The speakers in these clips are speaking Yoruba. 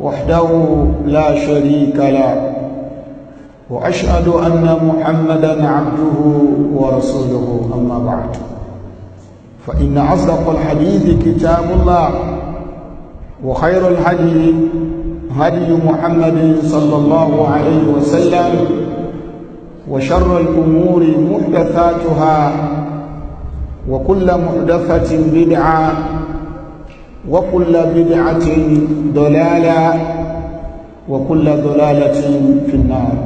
وحده لا شريك له واشهد ان محمدا عبده ورسوله اما بعد فان اصدق الحديث كتاب الله وخير الهدي هدي محمد صلى الله عليه وسلم وشر الامور محدثاتها وكل محدثه بدعه وكل بدعة ضلالة وكل ضلالة في النار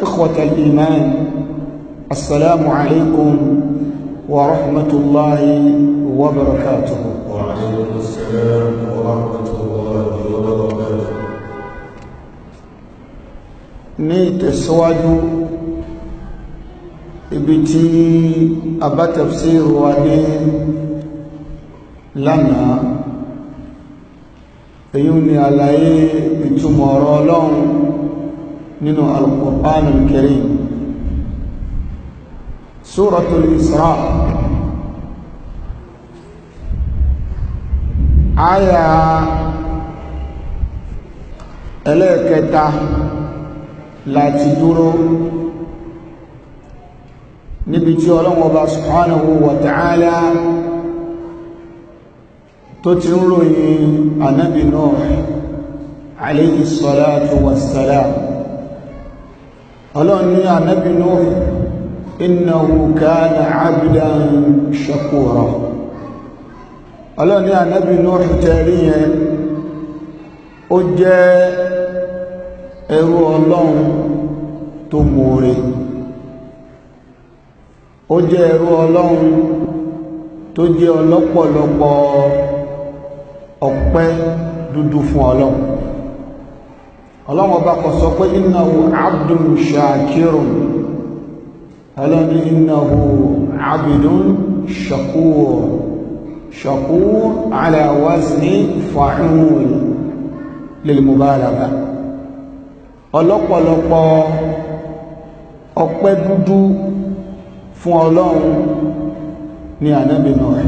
إخوة الإيمان السلام عليكم ورحمة الله وبركاته وعليكم السلام ورحمة الله وبركاته ní tẹ̀síwájú ibi tí a bá lánàá èyí ni àlàyé ìtumọ̀ ọ̀rọ̀ ọlọ́run nínú al-Qur'an al-Karim Suratul Isra àyà ẹlẹ́ẹ̀kẹta láti dúró níbi tí ọlọ́run ọba subhanahu wa tó ti ń ròyìn ànábì Nuh alayhi salatu wassalam ọlọ́run ní ànábì Nuh innahu kana abdan shakura ọlọ́run ní ànábì Nuh tẹ̀rí yẹn ó jẹ́ ẹrú ọlọ́run tó mòore ó jẹ́ ẹrú ọlọ́run tó jẹ́ ọlọ́pọ̀lọpọ̀ ọpẹ́ dúdú fún ọlọ́run ọlọ́run ọba kò sọ pé innahu abdun shakirun ọlọ́run ní innahu abdun shakur shakur ala wazni fa'ul ọlọ́pọ̀lọpọ̀ ọpẹ́ dúdú fún ọlọ́run ní ànábì Nuh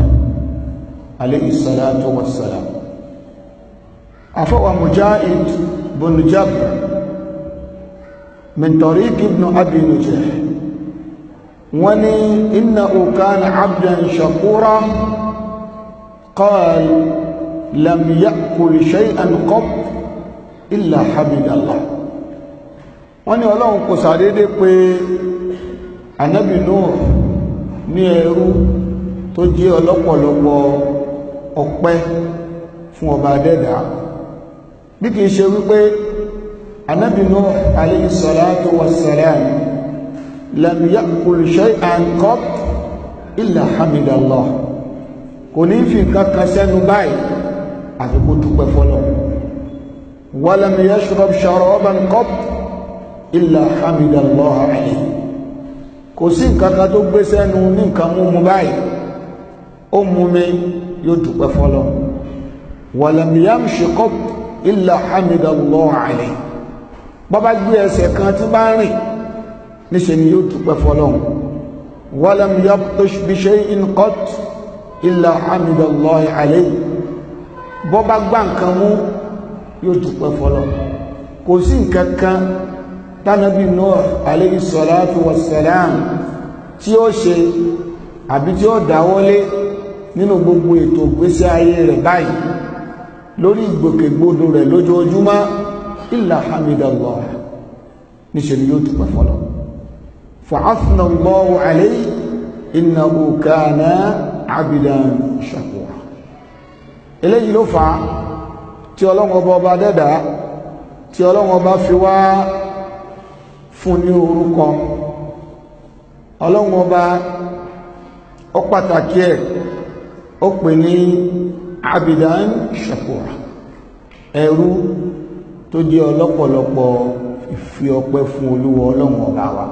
alayhi salatu wassalam afọwà mujahid bin jabr min tariq ibn abi nujah wọ́n ní innahu kana abdan shakura qala lam ya'kul shay'an qat illa hamidallah wọ́n ní ọlọ́run kò sàdédé pé anábì Nuh ní ẹrú tó jẹ́ ọlọ́pọ̀lọpọ̀ ọpẹ́ fún ọba adẹ́dà bí kìí ṣe wípé Ànábì Nuh alayhi salatu wassalam lam ya'kul shay'an qat illa hamidallah kò ní fi nǹkan kan sẹ́nu báyìí àfi kó dúpẹ́ fọ́lọ́ wa lam yashrab sharaban qat illa hamidallah kò sí nǹkan tó gbé sẹ́nu ní nǹkan mú mu báyìí ó mú mi yóò dúpẹ́ fọ́lọ́ walam yamshi qat illa hamidallahu alayhi bọ́bá gbé ẹsẹ̀ kan tí bá ń rìn níṣẹ́ ni yóò dúpẹ́ fọ́lọ́ walam yabtush bi shay'in qat illa hamidallahu alayhi bọ́bá gbá nǹkan mú yóò dúpẹ́ fọ́lọ́ kò sí nǹkan kan tánàbí Nuh alayhi salatu tí ó ṣe àbí tí ó dáwọ́lé nínú gbogbo ètò ìgbésí ayé rẹ̀ báyìí lórí ìgbòkègbodò rẹ̀ lójoojúmọ́ illa hamidallah níṣẹ́ ni yóò dúpẹ́ fọlọ́ fa'athna Allahu alayhi innahu kana abdan shakura eléyìí ló fà á tí ọlọ́run ọba ọba dẹ́dà tí ọlọ́run ọba fi wá fún ní orúkọ ọlọ́run ọba ó pàtàkì ẹ̀ ó pè ní abidan shakura ẹrú tó di ọlọ́pọ̀lọpọ̀ ìfi ọpẹ́ fún olúwa ọlọ́run ọba wa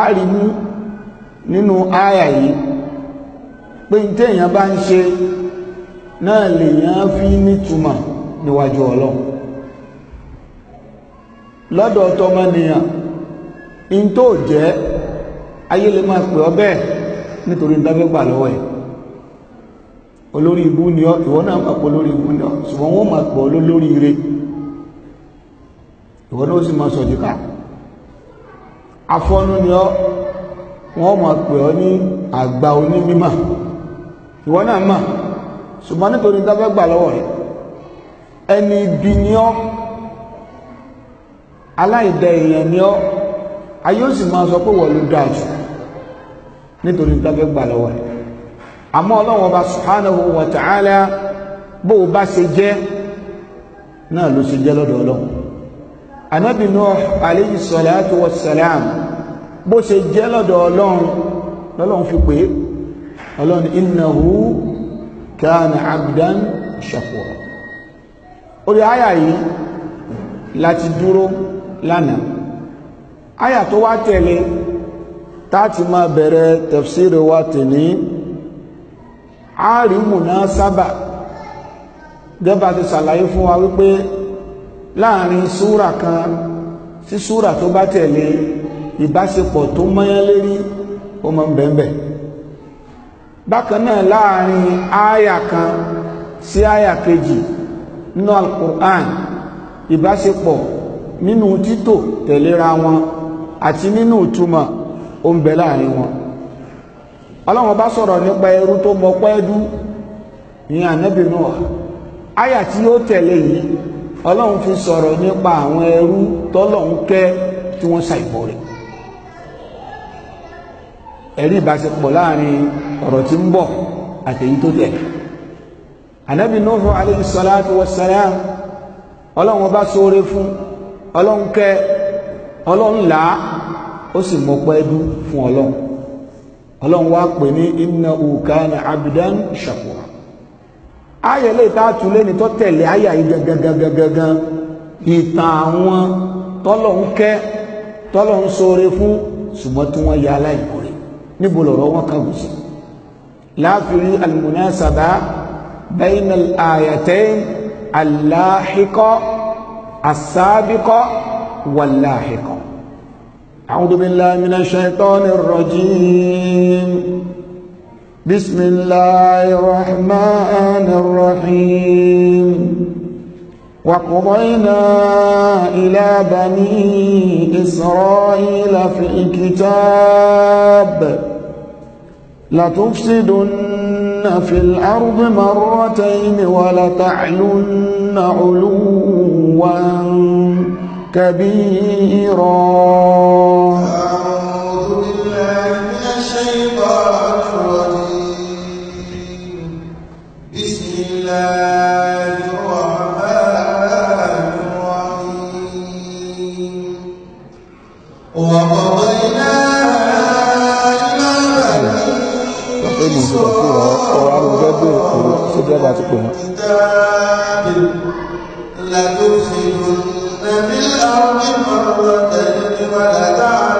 a rí ní nínú àyà yìí pé n téèyàn bá ń ṣe náà lèèyàn fi nítumọ̀ níwájú ọlọ́run lọ́dọ̀ tọmọnìyàn in tó jẹ́ ayé lè máa pè ọ bẹ́ẹ̀ nítorí ń dábẹ́gbà lọ́wọ́ ẹ̀ olórí ibú ni ọ ìwọ náà mọ̀ pé olórí ibú ni ọ ṣùgbọ́n wọ́n máa pọ̀ lórí ire ìwọ náà ó sì máa sọ̀díkà afọ́nú ni ọ wọ́n máa pè ọ ní àgbà onímímọ̀ ìwọ náà mọ̀ ṣùgbọ́n nítorí dábẹ́ lọ́wọ́ rẹ̀ ẹni ibi ni ọ aláìdẹ èèyàn ni ọ ayé ó sì máa sọ pé wọ́n ló dáa jù nítorí dábẹ́ lọ́wọ́ rẹ̀ àmọ́ ọlọ́run ọba subhanahu wa ta'ala bó o bá ṣe jẹ́ náà ló ṣe jẹ́ lọ́dọ̀ ọlọ́run anabi nuh alayhi salatu wa salam bó ṣe jẹ́ lọ́dọ̀ ọlọ́run lọ́lọ́run fi pé ọlọ́run innahu kana abdan shakura orí àyà yìí láti dúró lánàá àyà tó wá tẹ̀lé táà máa bẹ̀rẹ̀ tafsir wa tèmi a rí mùná sábà gẹ́bà ti sàlàyé fún wa wípé láàrin súrà kan sí súrà tó bá tẹ̀lé ìbáṣepọ̀ tó mọ́yán lérí ó mọ́ bẹ̀ẹ̀bẹ̀ bákan náà láàrin áyà kan sí áyà kejì nínú Al-Qur'an ìbáṣepọ̀ nínú títò tẹ̀léra wọn àti nínú ìtumọ̀ ó láàrin wọn ọlọ́run bá sọ̀rọ̀ nípa ẹrú tó mọ pẹ́ẹ́dú ní ànábì Noah àyà tí ó tẹ̀lé yìí ọlọ́run fi sọ̀rọ̀ nípa àwọn ẹrú tọ́lọ́run kẹ́ tí wọ́n ṣàìbọ̀ rẹ̀ ẹ̀rí ìbáṣepọ̀ láàrin ọ̀rọ̀ tí ń bọ̀ àtẹ̀yí tó tẹ̀lé ànábì Nuhu alayhi salatu wassalam ọlọ́run bá sóore fún ọlọ́run kẹ́ ọlọ́run là ó sì mọ pẹ́ẹ́dú fún ọlọ́run ọlọ́run wá pè ní innahu kana abdan shakura ayẹ̀lẹ́ ìtàtúlé ni tó tẹ̀lé ayà yìí gangan ìtàn àwọn tọ́lọ́run kẹ́ tọ́lọ́run ṣoore fún ṣùgbọ́n tí wọ́n ya aláìkórè níbo lọ̀rọ̀ wọn kàwé sí láàfin almunasaba bayna al-ayatayn al-lahiqa as أعوذ بالله من الشيطان الرجيم بسم الله الرحمن الرحيم وقضينا إلى بني إسرائيل في الكتاب لتفسدن في الأرض مرتين ولتعلن علوا كبيرا أعوذ بالله من الشيطان الرجيم بسم الله الرحمن الرحيم وقضينا إلى بني إسرائيل وعلى وتجد ولا تعلم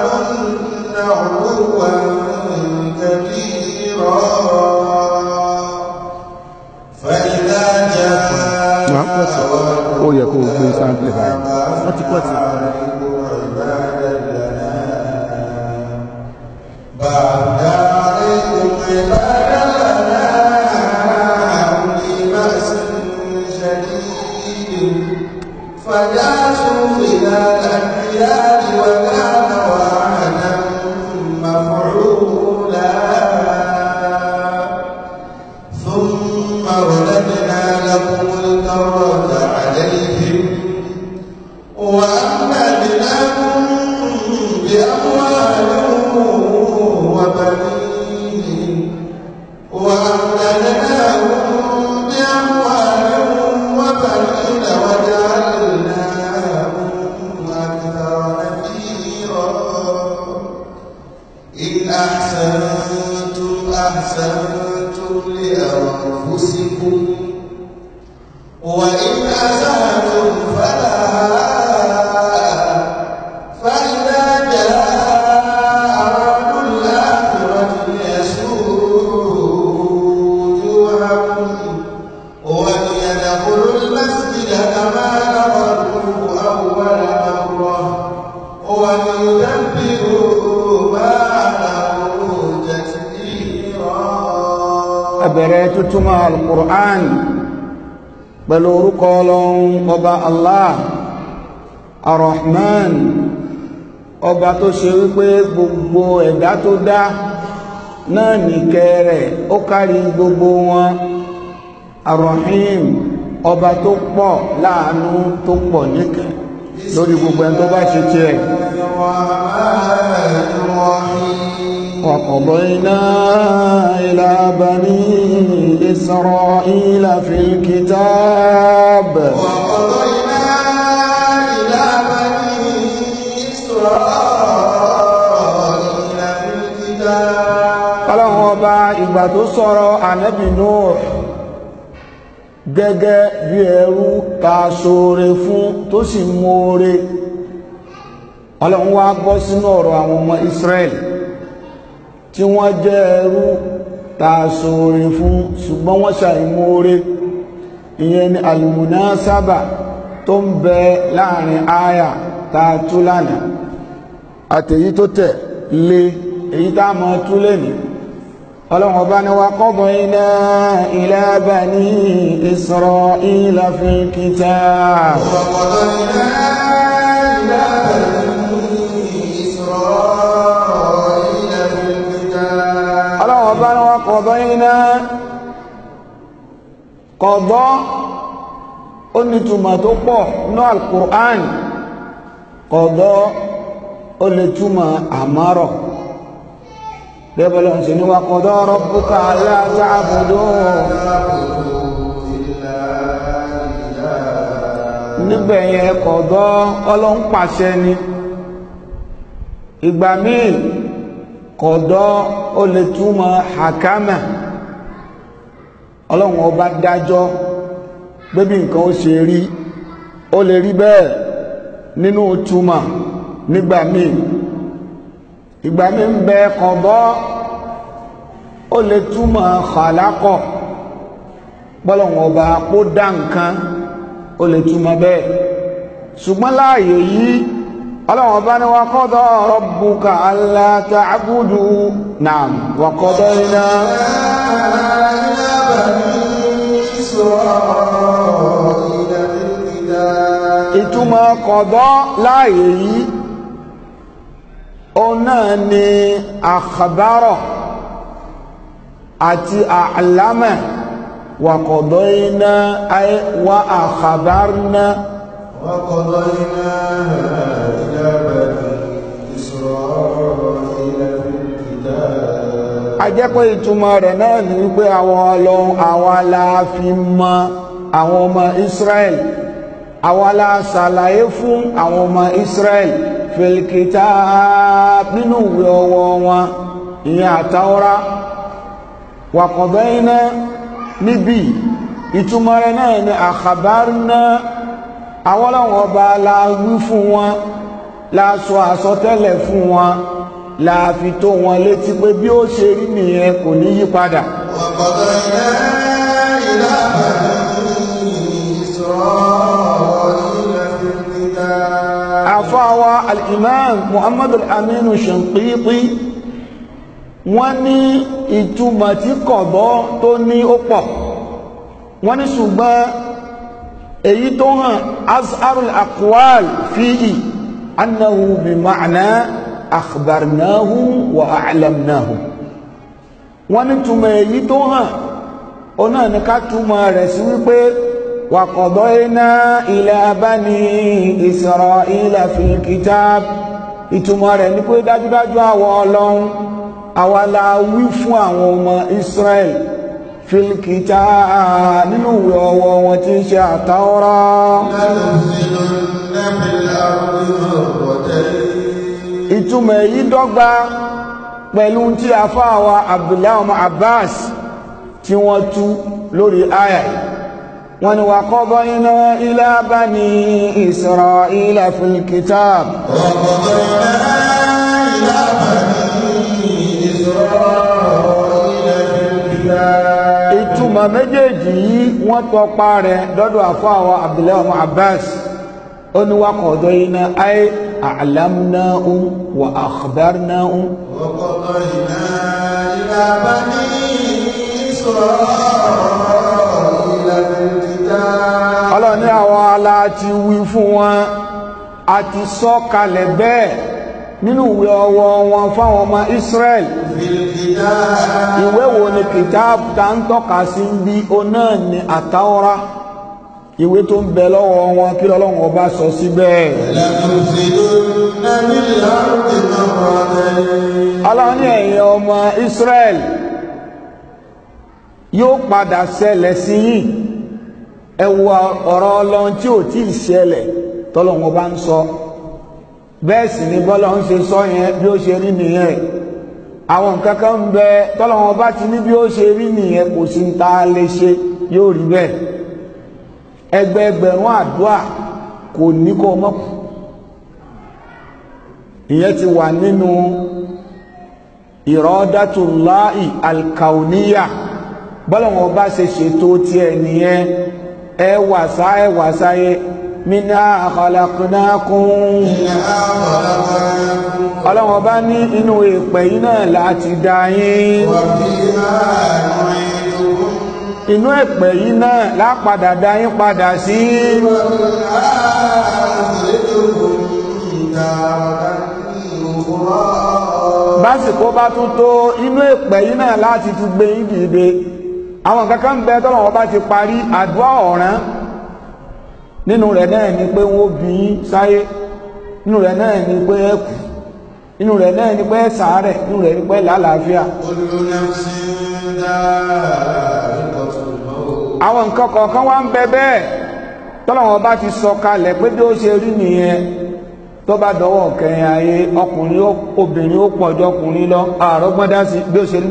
tó ṣe wípé gbogbo ẹ̀dá tó dá náà nìkẹ́ rẹ̀ ó kárí gbogbo wọn arọ̀hìm ọba tó pọ̀ láàánú tó pọ̀ níkẹ́ lórí gbogbo ẹni tó bá ṣe tiẹ̀. وقضينا إلى بني إسرائيل في الكتاب وقضينا ọlọ́run ọba ìgbà tó sọ̀rọ̀ ànábì Nuh gẹ́gẹ́ bí ẹrú ta ṣoore fún tó sì mú oore bọ́ sínú ọ̀rọ̀ àwọn ọmọ Israel tí wọ́n jẹ́ ẹrú ta ṣoore fún ṣùgbọ́n wọ́n ṣàìmú oore ìyẹn ni almunasaba tó ń bẹ láàrin aya ta tú lánàá àtẹ̀yí tó tẹ̀ lé èyí tá a mọ̀ tú lẹ́nu ọlọ́run ọba ni wa qadayna ila bani isra'ila fil kitab. wa qadayna ila bani isra'ila fil kitab. ọlọ́run ọba ni wa qadayna qada ó ní tó pọ̀ ní alukur'an qada ó lè túmọ̀ àmárọ̀ lẹ́bọ̀lọ́ ṣe ní wàkọ̀dọ́ rọ́bùkà aláàtàbùdó níbẹ̀ yẹn kọ̀dọ́ ọlọ́npàṣẹ ni ìgbà míì kọ̀dọ́ ó lè túmọ̀ hakama ọlọ́run ọba dájọ́ bébí nǹkan ó ṣe rí ó lè rí bẹ́ẹ̀ nínú túmọ̀ nígbà míì ìgbà míì ń bẹ kọ̀bọ́ ó lè túmọ̀ kàlákọ̀ bọ́lọ̀wọ̀n ọba kó dá nǹkan ó lè túmọ̀ bẹ́ẹ̀ ṣùgbọ́n láàyè yìí ọlọ́wọ̀n bá ní wa qada rabbuka alla ta'budu naam wa qadayna ìtumọ̀ kọ̀bọ́ láàyè yìí òun náà ni àkàbárọ̀ àti àlámẹ̀ wàkọ̀dọ̀ iná ayé wà àkàbárná wàkọ̀dọ̀ iná ajẹ́pẹ́ ìtumọ̀ rẹ̀ náà ní wípé àwọn ọlọ́run àwọn aláàfin àwọn ọmọ Israel àwọn aláàsàlàyé fún àwọn ọmọ Israel fìlìkìtà nínú ìwé ọwọ́ wọn ìyẹn àtàwọ́rá wàkọ̀dọ̀ iná níbi ìtumọ̀ rẹ̀ náà ni àkàbárí náà awọ́láwọn ọba láàrú fún wọn láàsọ àsọtẹ́lẹ̀ fún wọn láàfi tó wọn létí pé bí ó ṣe rí nìyẹn kò ní yípadà wàkọ̀dọ̀ ìlàbàdàn àfáwa al-imam muhammadu aminu ṣanqiti wọ́n ní ìtumọ̀ tí kọ̀bọ́ tó ní ó pọ̀ wọ́n ní ṣùgbọ́n èyí tó hàn azharul aqwal fihi annahu bi ma'na akhbarnahu wa a'lamnahu wọ́n ní túmọ̀ èyí tó hàn ó náà ní ká túmọ̀ rẹ̀ sí wípé وقضينا إلى بني إسرائيل في الكتاب ìtumọ̀ rẹ̀ ni pé dájúdájú àwọn ọlọ́run àwa la wí fún àwọn ọmọ Israel filikita nínú ìwé ọwọ́ wọn tí ń ṣe àtàwọ́rá ìtumọ̀ èyí dọ́gba pẹ̀lú tí a fáwọn Abdullahi Abbas tí wọ́n tú lórí ayà wọ́n ní وَقَضَيْنَا إِلَى بَنِي إِسْرَائِيلَ فِي الْكِتَابِ وَقَضَيْنَا إِلَى بَنِي إِسْرَائِيلَ فِي الْكِتَابِ ìtumọ̀ méjèèjì yìí wọ́n tọpa rẹ̀ dọ́dọ̀ àfọ́ àwọn Abdullahi ọmọ Abbas ó ní وَقَضَيْنَا أي أعلمناهم وأخبرناهم وقضينا إلى بني إسرائيل ọlọ́run ní àwọn ala ti wí fún wọn a ti sọ kalẹ̀ bẹ́ẹ̀ nínú ìwé ọwọ́ wọn fáwọn ọmọ Israel ìwé wo ni kìtáàbù tá ń tọ́ka sí bí o náà ni àtàwọ́rá ìwé tó ń bẹ lọ́wọ́ wọn kí lọ́lọ́run ọba sọ síbẹ̀ ọlọ́run ní ẹ̀yin ọmọ Israel yóò padà ṣẹlẹ̀ sí yìí ẹ wo ọ̀rọ̀ ọlọ́run tí ò tí ì ṣẹlẹ̀ tọ́lọ́run bá ń sọ bẹ́ẹ̀ sì ni bọ́lọ́run ṣe sọ yẹn bí ó ṣe rí nìyẹn àwọn nǹkan kan ń bẹ tọ́lọ́run bá ti ní bí ó ṣe rí nìyẹn kò sí ta lè ṣe yóò rí bẹ́ẹ̀ ẹgbẹẹgbẹ̀rún àdúà kò ní kó mọ́kù ìyẹn ti wà nínú ìrọ́dátùláì alkauniya bọ́lọ̀wọ̀n bá ṣe ṣètò ti nìyẹn ẹ wàsá ẹ wàsá yẹ mina àkàlàkùnákùn ọlọ́wọ́n bá ní inú ìpẹ̀ yìí náà láti dá yín inú ìpẹ̀ yìí náà lápadà dá yín padà sí básìkò bá tún tó inú ìpẹ̀ yìí náà láti tún gbé yín dìde àwọn kankan bẹ tọ́lọ̀ wọn bá ti parí àdúrà ọ̀ràn nínú rẹ̀ náà ni pé wọ́n bí sáyé nínú rẹ̀ náà ni pé ẹ nínú rẹ̀ náà ni pé ẹ sàárẹ̀ nínú rẹ̀ ni pé lálàáfíà. àwọn nǹkan kọ̀ọ̀kan wá ń bẹ bẹ́ẹ̀ tọ́lọ̀ ti sọ kalẹ̀ pé bí ó ṣe rí nìyẹn tó bá dọwọ́ kẹrin lọ sí bí ó ṣe rí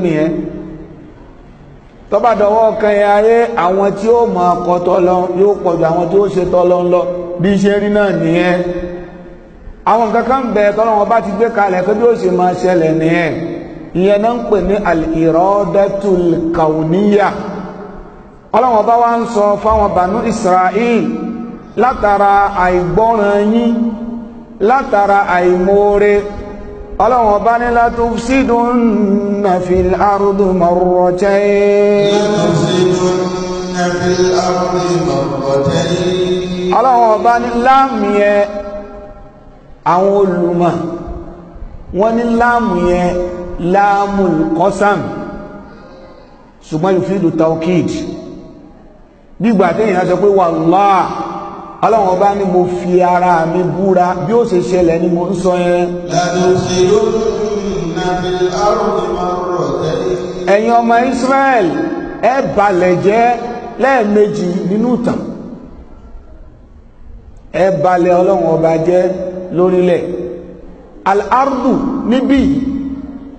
tọ́ba dọ̀wọ́ kan ẹ̀ ayé àwọn tí ó mọ̀ ọkọ̀ tọ́lọ yóò pọ̀jù àwọn tí ó ṣe tọ́lọ ńlọ bí iṣẹ́ rí náà nìyẹn àwọn nǹkan kan bẹ̀ tọ́lọ wọn bá ti gbé kalẹ̀ pé bí ó ṣe máa ṣẹlẹ̀ nìyẹn ìyẹn náà ń pè ní al-iradatul kauniya ọlọ́wọ́n bá wá ń sọ fáwọn bànú Israel látara àìgbọ́ràn yín látara àìmoore ọlọ́run ọba ní látó sídùn náà fi àrùdù mọ̀rọ̀ tẹ́ ọlọ́run ọba ní láàmù yẹn àwọn olùmọ̀ wọ́n ní láàmù yẹn láàmù kọ́sàm ṣùgbọ́n yóò fi ìlú taukid nígbà tí èèyàn sọ pé ọlọ́run bá ní mo fi ara mi búra bí ó ṣe ṣẹlẹ̀ ni mo ń sọ yẹn. ẹ̀yin ọmọ Israel ẹ balẹ̀ jẹ́ lẹ́ẹ̀mejì nínú ìtàn ẹ balẹ̀ ọlọ́run ọba jẹ́ lórílẹ̀ al-ardu níbí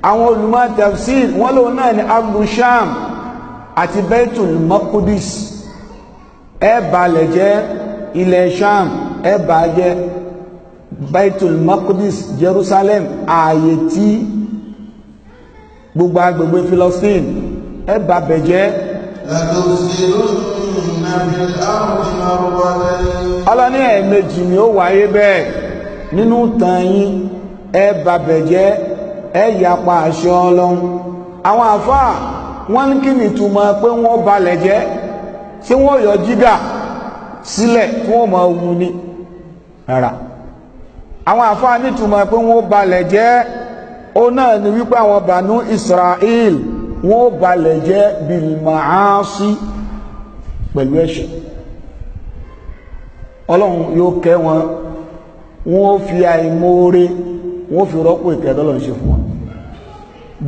àwọn olùmọ̀ tafsir lòun náà ní ardu àti baitul maqdis ẹ balẹ̀ jẹ́ ilẹ̀ sham ẹ bá jẹ baitul jerusalem ààyè tí gbogbo agbègbè philistine ẹ bá bẹ̀ jẹ́. ọlọ́ní ẹ̀ẹ̀mejì ni ó wáyé bẹ́ẹ̀ nínú tàn yín ẹ bá bẹ̀ jẹ́ ẹ yapa àṣẹ ọlọ́run àwọn àfáà wọ́n kí ni ìtumọ̀ pé wọ́n balẹ̀ jẹ́ ṣé wọ́n yọ jígà sílẹ̀ kí wọ́n máa wu ni rárá àwọn àfáà nítumọ̀ pé wọ́n balẹ̀ jẹ́ ó náà ni wípé àwọn bànú Israel wọ́n balẹ̀ jẹ́ bilmaasi pẹ̀lú ẹ̀ṣẹ̀ ọlọ́run yóò kẹ́ wọn wọ́n fi àìmoore wọ́n fi rọ́pò ìkẹ́dọ́lọ́run ṣe fún wọn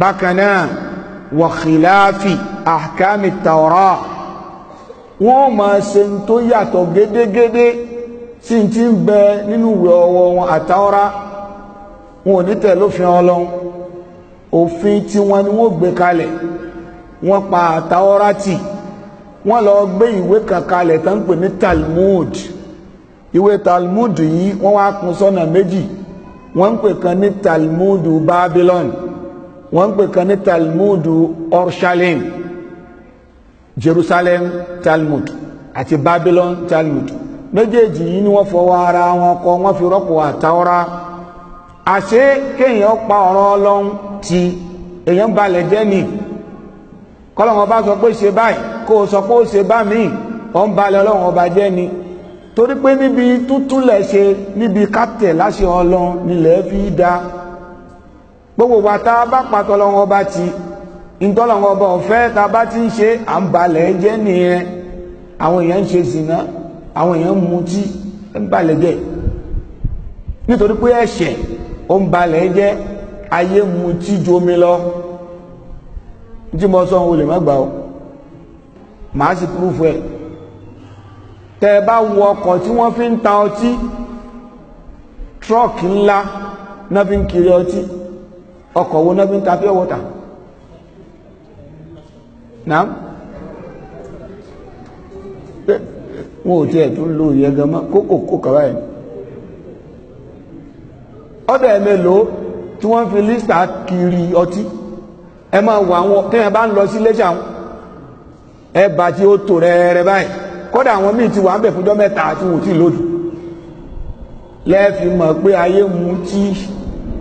bákan náà wa khilafi wọ́n máa ṣe ń tó yàtọ̀ gédégédé tí n ti ń bẹ nínú ìwé ọwọ́ wọn àtàwọ́rá wọn ò ní tẹ̀ lófin ọlọ́run òfin tí wọn ni wọ́n gbé kalẹ̀ wọ́n pa àtàwọ́rá tì wọ́n lọ gbé ìwé kan kalẹ̀ tó ń pè ní Talmud ìwé Talmud yìí wọ́n wá kún sọ́nà méjì wọ́n ń pè kan ní Talmud Babylon wọ́n ń pè kan ní Talmud Orshalim. Jerusalem Talmud àti Babylon Talmud méjèèjì yìí ni wọ́n fọwọ́ ara wọn kọ wọ́n fi rọ́pò àtàwọ́rá àṣé kéèyàn pa ọ̀rọ̀ Ọlọ́run ti èèyàn balẹ̀ jẹ́ ni kọ́lọ́wọ́n bá sọ pé ṣe báyìí kó o sọ pé ó ṣe bá míì wọ́n balẹ̀ Ọlọ́run ọba jẹ́ ni torí pé níbi tútúlẹ̀ ṣe níbi káptẹ̀ láṣẹ Ọlọ́run nílẹ̀ fi dá gbogbo wa tá a bá pàtọ́ Ọlọ́run ọba ti ntọ́lọ́wọ́ ọba ọ̀fẹ́ ta bá ti ń ṣe à ń balẹ̀ jẹ́ nìyẹn àwọn èèyàn ń ṣe zìnà àwọn èèyàn ń mutí ń balẹ̀ jẹ́ nítorí pé ẹ̀ṣẹ̀ ó ń balẹ̀ jẹ́ ayé mutí ju omi lọ tí mo sọ òun lè má gbà ó màá sì púrúfù ẹ̀ tẹ́ ẹ bá wọ ọkọ̀ tí wọ́n fi ń ta ọtí trọ́ọ̀kì ńlá náà fi ń kiri ọtí ọkọ̀ wo náà fi ń ta pure water. nàám wọn ò tiẹ̀ tún lo ìyẹn gan mọ́ kókòkò kọ́ báyìí ọ̀dọ̀ fi kiri ọtí ẹ ma wọ àwọn tẹ́yìn bá ń lọ sí iléeṣẹ́ ẹ bá tí ó báyìí àwọn ti wà ń mẹ́ta àti wò lòdù lẹ́ẹ̀fi mọ̀ pé ayé mu tí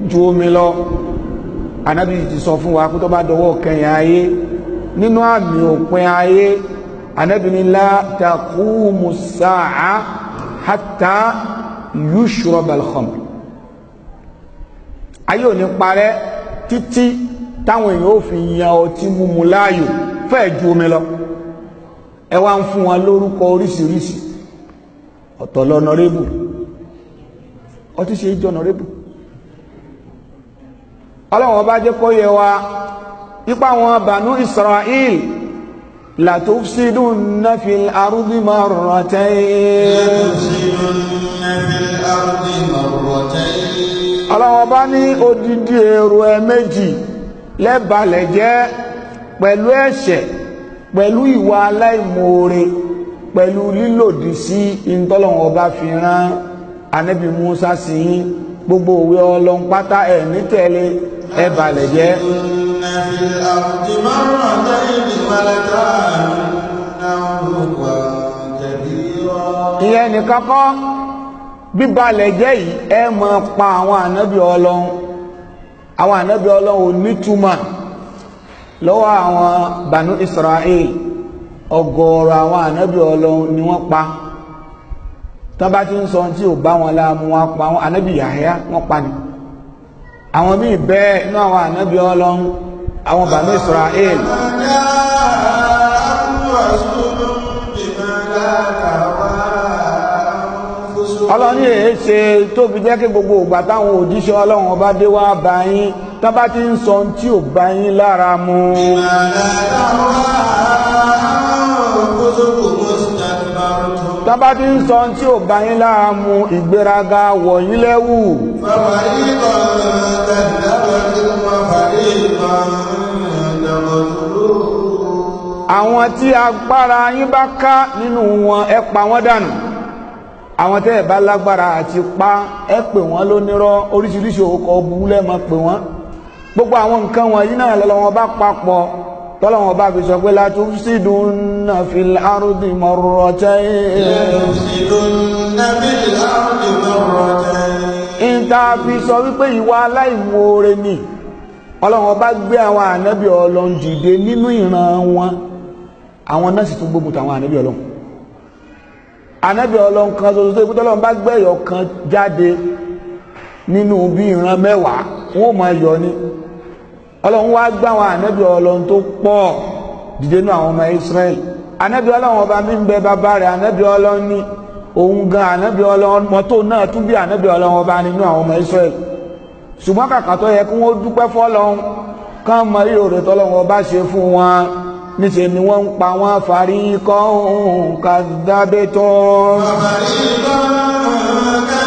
ju omi fún nínú àmì òpin ayé anábìnilá takúmù sáà hátà yushrabal khamr ayé ò ní parẹ́ títí táwọn èèyàn ò fi yan ọtí múmu láàyò fẹ́ẹ̀ ju omi lọ ẹ wá ń fún wọn lórúkọ oríṣiríṣi ọ̀tọ̀ lọ́nọ̀rébù ọtí ṣe jọ́nọ̀rébù ọlọ́wọ́n bá jẹ́ kó yẹ wa ipa àwọn bànú Israel لتفسدن في الأرض مرتين ọlọ́wọ́ bá ní odidi èrò ẹ méjì lẹ́bàlẹ̀ jẹ́ pẹ̀lú ẹ̀ṣẹ̀ pẹ̀lú ìwà aláìmoore pẹ̀lú lílòdì sí ìntọ́lọ̀wọ́ bá fi rán Ànábì Mùsá sí gbogbo òwe ọlọ́n pátá ẹ̀ nítẹ̀lé ẹ balẹ̀ jẹ́ ìyẹn nìkan kọ́ bíbalẹ̀ jẹ́ yìí ẹ mọ̀ pa àwọn ànábì ọlọ́run àwọn ànábì ọlọ́run ò nítumọ̀ lọ́wọ́ àwọn banu Israel ọgọ́ọ̀rọ̀ àwọn ànábì ọlọ́run ni wọ́n pa tán bá ti ń sọ tí ò bá wọn láàmú wọn pa wọn ànábì Yahya wọ́n pa ni àwọn míì bẹ́ẹ̀ inú àwọn ànábì ọlọ́run àwọn bàmí Israel ọlọ́ni èé ṣe tóbi jẹ́ kí gbogbo ìgbà táwọn òjíṣẹ́ ọlọ́run ọba dé wá bá yín tán bá ti ń sọ tí ò bá yín lára mu. ìmọ̀lẹ́ àwọn àwọn òkú tó kò mú tábà tí ń sọ tí ò bá yín lára mu ìgbéraga wọ̀ yín lẹ́wù. àwọn tí agbára yín bá ká nínú wọn ẹ pa wọ́n dànù àwọn tẹ́ ẹ̀ bá lágbára àti pa ẹ pè wọ́n lónírọ́ oríṣiríṣi òkò burú lẹ́mọ̀ pè wọ́n gbogbo àwọn nǹkan wọ̀nyí náà lọ́lọ́wọ́n bá papọ̀ tọ́lọ́wọ́n bá fi sọ pé la tufsidunna fil ardi marratayn. la tufsidunna fil ardi marratayn. ìta fi sọ wípé ìwà aláìmoore ni ọlọ́wọ́n bá gbé àwọn ànábì ọlọ́run dìde nínú ìran wọn àwọn náà sì tún gbógun tàwọn ànábì ọlọ́run ànábì ọlọ́run kan ṣoṣo tó ikú tọ́lọ́run bá gbẹ̀yọ̀ kan jáde nínú bí ìran mẹ́wàá wọn ò máa ni ọlọ́run wá gbá àwọn ànábì ọlọ́run tó pọ̀ dìde nú àwọn ọmọ Israel ànábì ọlọ́run ọba mi ń bẹ bàbá rẹ̀ ànábì ọlọ́run ní òun gan ànábì ọlọ́run mọ́tò náà tún bí ànábì ọlọ́run ọba nínú àwọn ọmọ Israel ṣùgbọ́n kàkà tó yẹ kí wọ́n dúpẹ́ fọ́lọ́run kán mọ rí òrè tọ́lọ́run ọba ṣe fún wọn níṣẹ́ ni wọ́n ń pa wọ́n farí kọ́ òun kàdábẹ́tọ́. farí kọ́ òun kàdábẹ́tọ́.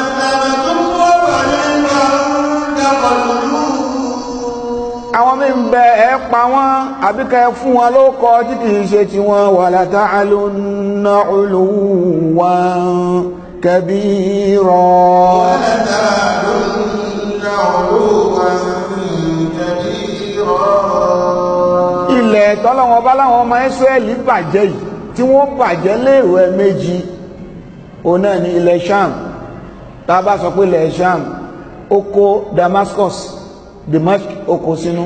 wọn àbíkẹ́ fún wọn ló kọ tí kì í ṣe tí wọn wà látà alónà olùwà kẹbí rọ ilẹ̀ tọ́lọ́wọ́n bá láwọn ọmọ Ísírẹ́lì bàjẹ́ yìí tí wọ́n bàjẹ́ lérò ẹ méjì ni ilẹ̀ sham tá sọ pé ilẹ̀ sham ó Damascus Damascus ó kó sínú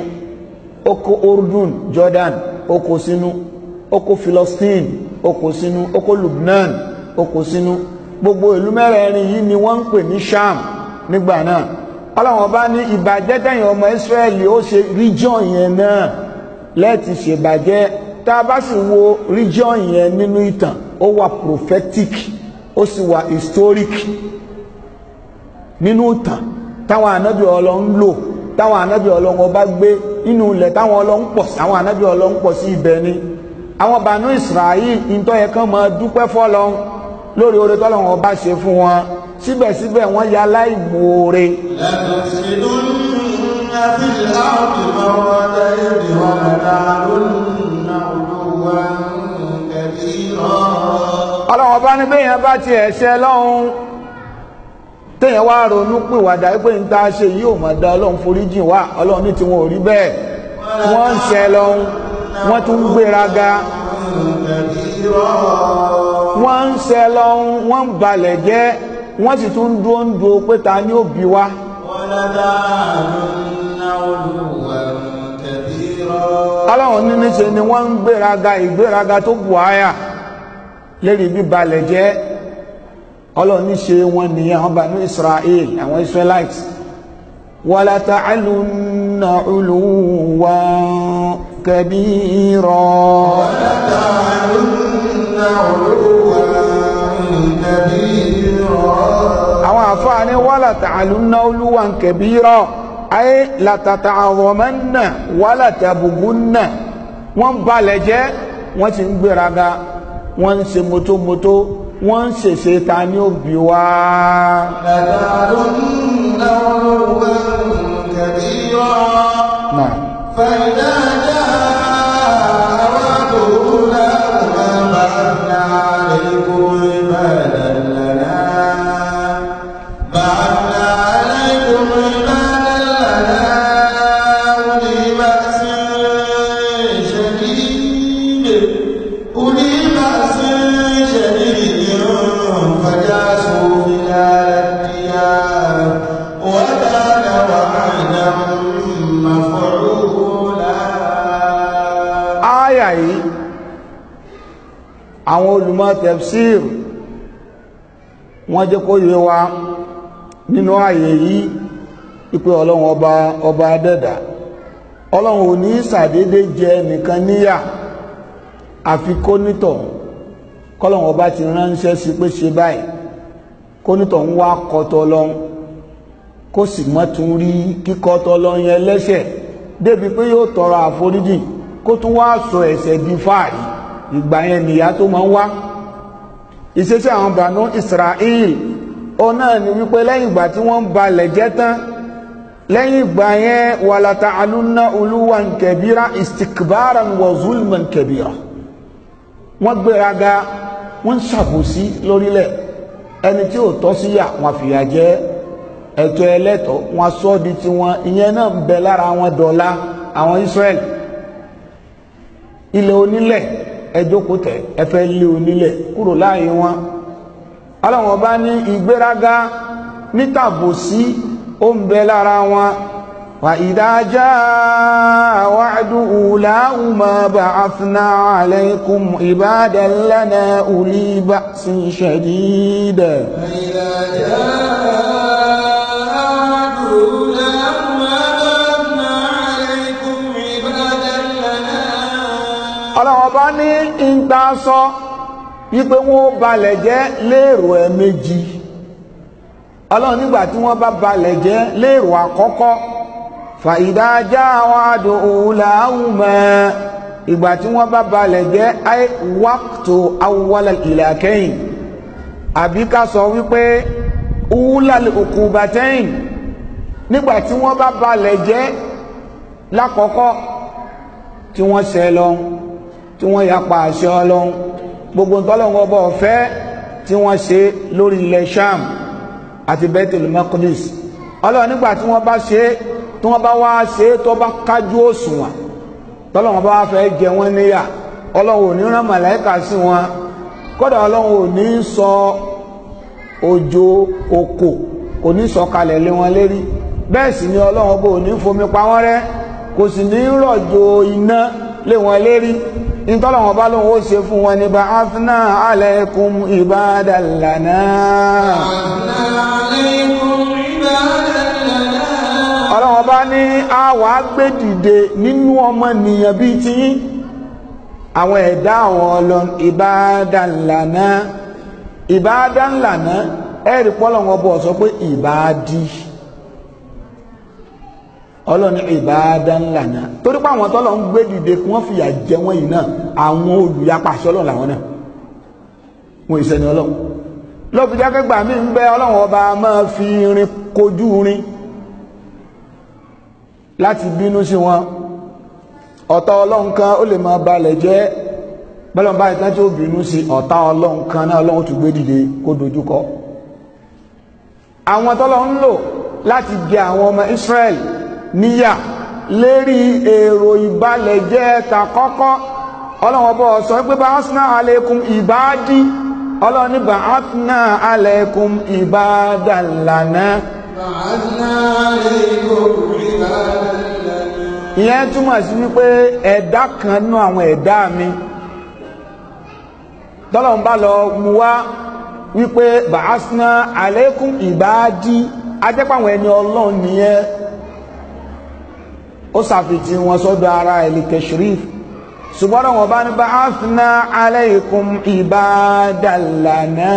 oko kó Urdun Jordan oko kó oko ó kó Philistine oko kó sínú ó kó Lubnan ó kó sínú gbogbo ìlú mẹ́rẹ̀ẹ̀rin yìí ni wọ́n ń pè ní Sham nígbà náà ọlọ́wọ́n bá ní ìbàjẹ́ tẹ̀yìn ọmọ Ísírẹ́lì ó ṣe region yẹn náà lẹ́ẹ̀tì ṣèbàjẹ́ tá a bá sì wo region yẹn nínú ìtàn ó wà prophetic ó sì wà historic nínú ìtàn táwọn ànábì ọlọ́ ń lò táwọn anábì ọlọ́run ọba gbé inú ilẹ̀ táwọn ọlọ́run pọ̀ sí àwọn anábì ọlọ́run pọ̀ sí ibẹ̀ ni àwọn bànú Israel ìtọ́ yẹ kán máa dúpẹ́ fọ́lọ́run lórí oore tọ́lọ́run ọba ṣe fún wọn síbẹ̀síbẹ̀ wọ́n ya láìmoore. ọlọ́run ọba ní bẹ́yẹn bá ti ẹ̀ṣẹ̀ lọ́hùn téèyàn wá ronú pìwàdà pé ń ta ṣe yìí mọ̀ dá ọlọ́run foríjìn wá ọlọ́run ní tiwọn ò rí bẹ́ẹ̀ wọ́n ń ṣe lọ́hún wọ́n tún ń gbéraga wọ́n ń ṣe lọ́hún wọ́n ń balẹ̀ jẹ́ wọ́n sì tún ń dúró ń dúró pé ta ni ó bí wa. ọlọ́run ní níṣe ni wọ́n ń gbéraga ìgbéraga tó bù áyà lérí bíbalẹ̀ jẹ́ ọlọ́run ní ṣe wọn nìyẹn àwọn bá ní Israel àwọn Israelites wàlá ta'alunna uluwa kabira. wàlá ta'alunna uluwa kabira. àwọn àfààní wàlá ta'alunna uluwa kabira ayé làtàtà àwọ̀mọ́nà wàlá tàbùgúnnà wọ́n balẹ̀ jẹ́ wọ́n ti ń gbéraga wọ́n ń ṣe mọ́tòmọ́tò wọ́n ń ṣèṣe ta ní òbí wá. Nàdàrún náà ló wẹ̀ kẹ̀bí rọ̀. Fẹ̀dá tafsir wọ́n jẹ́ kó yé wa nínú ààyè yìí ipe ọlọ́run ọba ọba adẹ́dà ọlọ́run ò ní ṣàdédé jẹ nìkan níyà àfi kó nítọ̀ kọ́lọ́run ọba ti ránṣẹ́ sí pé ṣe báyìí kó nítọ̀ ń wá kọ́tọ́ ọlọ́run kó sì mọ́ tún rí kíkọ́tọ́ ọlọ́run yẹn lẹ́sẹ̀ débi pé yóò tọrọ àforíjì kó tún wá sọ ẹ̀ṣẹ̀ di fáàrí ìgbà yẹn nìyà tó máa ń wá ìṣesí àwọn bànú Israel òun náà ni wípé lẹ́yìn ìgbà tí wọ́n ń balẹ̀ jẹ́ tán lẹ́yìn ìgbà yẹn wàlàtà alúnà olúwa nkẹ̀bíra istikbara wa zulma nkẹ̀bíra wọ́n gbéraga wọ́n ń ṣàbòsí lórílẹ̀ ẹni tí ò tọ́ sí yà wọ́n fìyà jẹ ẹ̀tọ́ ẹlẹ́tọ̀ wọ́n sọ́ di tiwọn ìyẹn náà ń lára wọn dọ̀la àwọn Israel ilẹ̀ onílẹ̀ ẹ jókòó tẹ̀ ẹ fẹ́ lé onílẹ̀ kúrò láàyè wọn ọlọ́wọ́n bá ní ìgbéraga nítàbòsí ó ń bẹ lára wọn wà ìdájá àwádù ùláhùmá bá afná aláìkùm ìbádẹ̀lẹ́nà olíbá sí ṣẹ̀dídẹ̀ ìdájá àwádù ọlọ́wọ́n bá ní ìgbà sọ wípé wọ́n balẹ̀ jẹ́ léèrò ẹ̀ẹ̀mejì ọlọ́run nígbà tí wọ́n bá balẹ̀ jẹ́ léèrò àkọ́kọ́ fàìdájá àwọn adò òláhùnmọ́ ìgbà tí wọ́n bá balẹ̀ jẹ́ ai wákòtò awọ́lẹ̀ ìlàkẹ́yìn àbí ká sọ wípé òwúlàlẹ̀ òkú bàtẹ́yìn nígbà tí wọ́n bá balẹ̀ jẹ́ lákọ́kọ́ tí wọ́n ṣẹ lọ́hùn tí wọ́n yapa àṣẹ ọlọ́run gbogbo ntọ́lọ́run ọba ọ̀fẹ́ tí wọ́n ṣe lórí ilẹ̀ sham àti bethel maqdis ọlọ́run nígbà tí wọ́n bá ṣe tí wọ́n bá wá ṣe tó bá kájú òṣùwọ̀n tọ́lọ́run bá wá fẹ́ jẹ wọ́n níyà ọlọ́run ò ní rán màláìka sí wọn kódà ọlọ́run ò ní sọ òjò òkò kò ní sọ kalẹ̀ lé wọn lérí bẹ́ẹ̀ sì ni ọlọ́run ọba ò ní fomi pa wọ́n rẹ́ kò sì ní rọ̀jò iná lé wọn lérí ìtọ́lọ̀wọ̀n bá lóun ó ṣe fún wọn ní bá afná alaykum ibadan lana ọlọ́wọ̀n bá ní àwà gbé dìde nínú ọmọ nìyàn bí ti àwọn ẹ̀dá àwọn ọlọ́n ibadan lana ẹ̀rì pọ́lọ̀wọ̀n bọ̀ sọ pé ìbádí ọlọ́ni ìbáadá ńlá náà torí pé àwọn tọ́lọ̀ ń gbé dìde kí wọ́n fìyà jẹ wọ́n yìí náà àwọn olùyapàṣẹ ọlọ́run làwọn náà wọn ìṣẹ́ni ọlọ́run lọ́bi jákẹ́gbà mi ń bẹ ọlọ́run ọba máa fi irin kojú irin láti bínú sí wọn ọ̀tá ọlọ́run kan ó lè máa balẹ̀ jẹ́ bọ́lọ́n báyìí tán tí ó bínú sí ọ̀tá ọlọ́run náà ọlọ́run tún gbé dìde kó dojúkọ àwọn tọ́lọ̀ ń lò láti jẹ àwọn ọmọ Israẹli níyà lérí èrò ìbalẹ̀ jẹ́ ta kọ́kọ́ ọlọ́wọ́n bọ́ sọ pé bá ásínà alẹ́kùn ìbáàdí ọlọ́ni bá ásínà alẹ́kùn ìbádàlànà ìyẹn túmọ̀ sí wípé ẹ̀dá kan nú àwọn ẹ̀dá mi tọ́lọ́n lọ mú wá wípé bá ásínà alẹ́kùn ìbáàdí ajẹ́pàwọn ẹni ọlọ́run nìyẹn ó sàfitì wọn sọ́dọ̀ ara ẹ̀lì kẹsìrìf ṣùgbọ́n wọn bá ní ba'athna alaykum ibadan lana.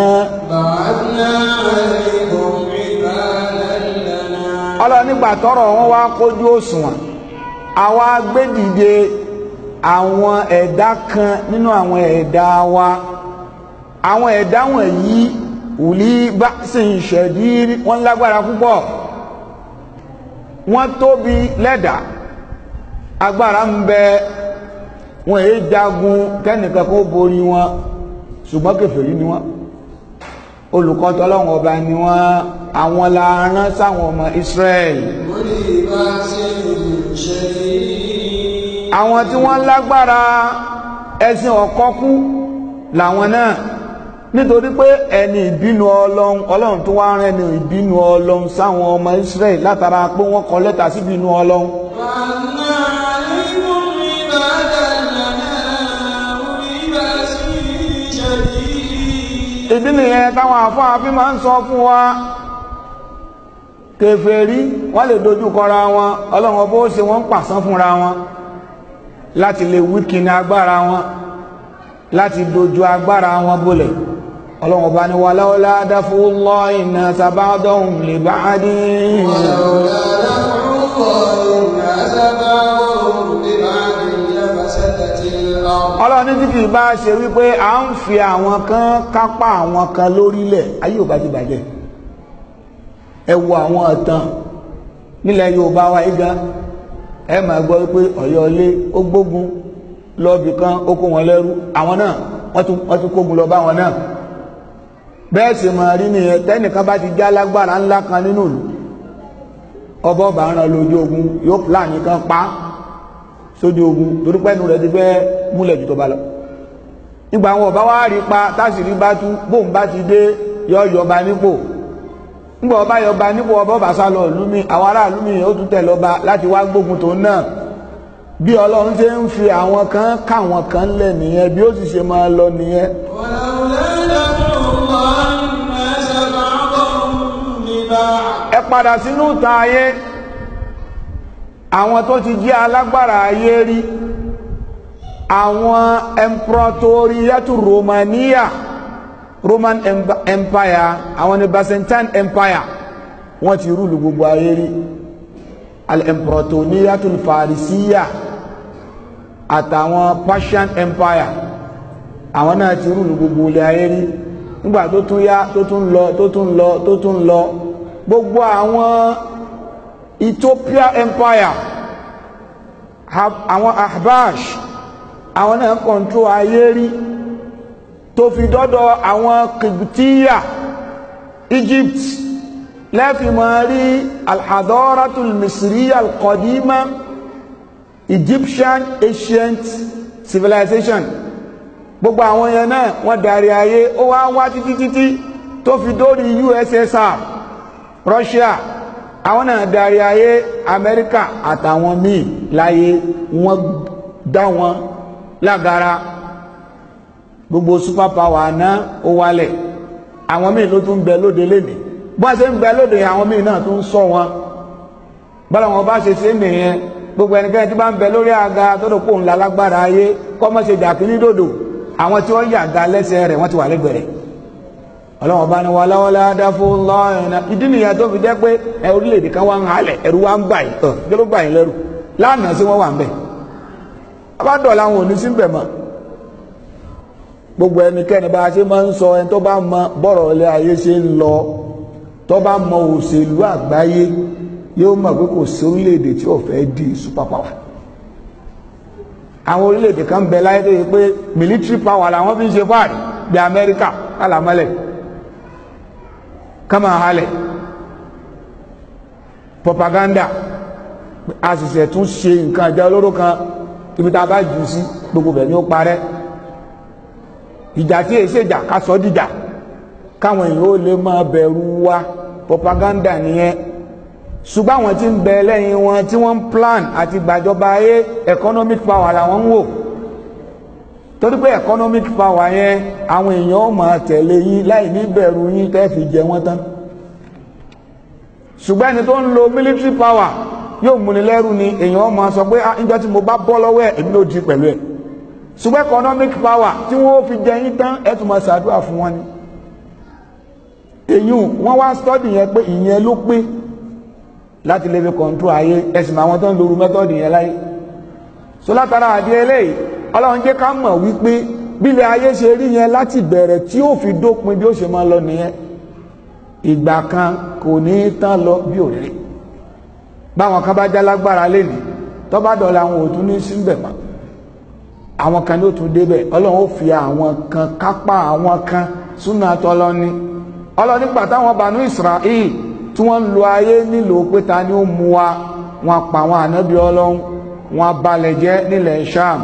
ba'athna alaykum ibadan lana. ọlọ́run nígbà tọ́rọ̀ wọn wá kójú òṣùwọ̀n àwa gbẹ́dìde àwọn ẹ̀dá kan nínú àwọn ẹ̀dá wa àwọn ẹ̀dá wọ̀nyí wùlí bá sì ń ṣẹ̀dí wọ́n lágbára púpọ̀ wọ́n tóbi lẹ́dàá agbára ń bẹ wọn èyí jagun kẹ́nìkan kó borí wọn ṣùgbọ́n kèfèrí ni wọ́n olùkọ́ tọ́lọ́wọ́n ọba ni wọ́n àwọn la rán sáwọn ọmọ Israel àwọn tí wọ́n lágbára ẹ̀sìn ọ̀kọ́kú làwọn náà nítorí pé ẹni ìbínú ọlọ́run ọlọ́run tó wá rán ẹni ìbínú ọlọ́run sáwọn ọmọ Israel látara pé wọ́n kọ lẹ́tà síbínú ọlọ́run ìdí nìyẹn táwọn àfáàfin máa ń sọ fún wa kèfèrí wọ́n lè dojú kọra wọn ọlọ́wọ́n bó ṣe wọ́n ń pàṣán fúnra wọn láti lè wí kíni agbára wọn láti dojú agbára wọn bólẹ̀ ọlọ́wọ́n bá ní wa lawla dafu Allahi nasa ba'dahum li ba'din. wa lawla dafu Allahi nasa ba'dahum li ọlọ́run ní títí bá ṣe wípé à ń fi àwọn kan kápá àwọn kan lórílẹ̀ ayé ò bá ti bàjẹ́ ẹ wo àwọn ọ̀tàn nílẹ̀ yorùbá wa iga ẹ máa gbọ́ wípé ọ̀yọ́lé ó gbógun lọ́ọ̀bì kan ó kó wọn lẹ́rú àwọn náà wọ́n tún kógun lọ bá wọn náà bẹ́ẹ̀ sì máa rí nìyẹn tẹ́nìkan bá ti já lágbára ńlá kan nínú ìlú ọbọ̀ bá ń ran lójú ogun yóò pláàní kan pa sójú ogun torípẹ́nu rẹ̀ ti fẹ́ẹ́ múlẹ̀ jù tó bá lọ nígbà àwọn ọba wá rí pa táṣìírí bá tú bóun bá ti dé yọ yọba nípò nígbà ọba yọba nípò ọba ọba sálọ lumi àwọn aráàlú mi ó tún tẹ̀lé ọba láti wá gbógun tó náà bí ọlọ́run ṣe ń fi àwọn kan káwọn kan lẹ̀ nìyẹn bí ó sì ṣe máa lọ nìyẹn. ẹ padà sínú ìtàn ayé àwọn tó ti jẹ́ alágbára ayé rí àwọn emperatoryatu Romania Roman Empire àwọn ni Byzantine Empire wọ́n ti rúlu gbogbo ayé rí al-emperatoryatu Farisiya àtàwọn Persian Empire àwọn náà ti rúlu gbogbo ilé ayé rí nígbà tó tún yá tó tún lọ tó tún lọ tó tún lọ gbogbo àwọn Ethiopia Empire àwọn Ahbash àwọn náà kọ̀ǹtró ayé rí tó fi dọ́dọ̀ àwọn kìbìtíyà Egypt lẹ́fìmọ̀ rí alhadọ́ratul misriya alqadima Egyptian ancient civilization gbogbo àwọn yẹn náà wọ́n darí ayé ó wá wá títí títí tó fi dórí USSR Russia àwọn náà darí ayé Amẹ́ríkà àtàwọn míì láyé wọ́n dá wọn lágara gbogbo super power àná ó wálẹ̀ àwọn míì ló tún bẹ lóde lénìí bó ṣe ń bẹ lóde àwọn míì náà tún sọ wọn bọ́lá wọn bá ṣe ṣe nìyẹn gbogbo ẹnikẹ́ni tí bá ń bẹ lórí àga tó dò kóun la lágbára ayé kọ́mọ́ ṣe dàkíní dòdò àwọn tí wọ́n yàga lẹ́sẹ̀ rẹ̀ wọ́n ti wà lẹ́gbẹ̀ẹ́ ọlọ́wọ́n bá ní wọn aláwọ́lá dáfó lọ́ọ̀nà ìdí nìyẹn tó fi jẹ́ pé orílẹ̀-èdè kan wá ń halẹ̀ ẹ̀rù wá ń báyìí lẹ́rù lánàá sí wọ́n wà ń bẹ̀ abádọ̀lá wọn ò ní síbẹ̀ mọ́ gbogbo ẹnikẹ́ni bá a ṣe máa ń sọ ẹni tó bá mọ bọ́rọ̀ ilé ayé ṣe ń lọ tó bá mọ òṣèlú àgbáyé yóò mọ̀ pé kò sí orílẹ̀-èdè tí ò fẹ́ di super power àwọn orílẹ̀-èdè kan bẹ láyé tó yẹ pé military power làwọn fi ń ṣe fáàrí bí Amẹ́ríkà alamọ́lẹ̀ kama halẹ̀ propaganda a sì ṣẹ̀ tún ṣe nǹkan ìjà olóró kan ibi tá a bá jù sí gbogbo bẹ̀ ni ó parẹ́ ìjà tí èsì ìjà ká sọ dìjà káwọn èèyàn ó lè máa bẹ̀rù wa propaganda nìyẹn ṣùgbọ́n àwọn tí ń bẹ lẹ́yìn wọn tí wọ́n ń plan àti gbàjọba ayé economic power làwọn ń wò torí pé economic power yẹn àwọn èèyàn ó máa tẹ̀lé yín láì ní bẹ̀rù yín tẹ́ fi jẹ wọ́n tán ṣùgbọ́n ẹni tó ń lo military power yóò múni lẹ́rù ni èèyàn máa sọ pé ah, níjọ́ tí mo bá bọ́ lọ́wọ́ ẹ̀ èmi ló di pẹ̀lú ẹ̀ ṣùgbọ́n economic power tí wọ́n fi jẹ yín tán ẹ tún máa ṣàdúrà fún wọn ni èyí wọ́n wá study yẹn pé ìyẹn ló pé láti lè fi control ayé ẹ̀sìn àwọn tó ń lo method yẹn láyé so látara àdí eléyìí ọlọ́run jẹ́ ká mọ̀ wípé bílẹ̀ ayé ṣe rí yẹn láti bẹ̀rẹ̀ tí ó fi dópin bí ó ṣe máa lọ nìyẹn ìgbà kan kò ní tán lọ bí òrèrè báwọn kan bá jálágbára lẹ́ni tó bá dọ̀la àwọn ò tún ní síbẹ̀ mọ́ àwọn kan ló tún débẹ̀ ọlọ́run ó fi àwọn kan kápá àwọn kan súnà tọlọ́ni ọlọ́ni pàtó àwọn Banu Israel tí wọ́n ń lo ayé nílò pé ta ni ó mu wa wọ́n pa àwọn ànábì ọlọ́run wọ́n balẹ̀ jẹ́ nílẹ̀ Sham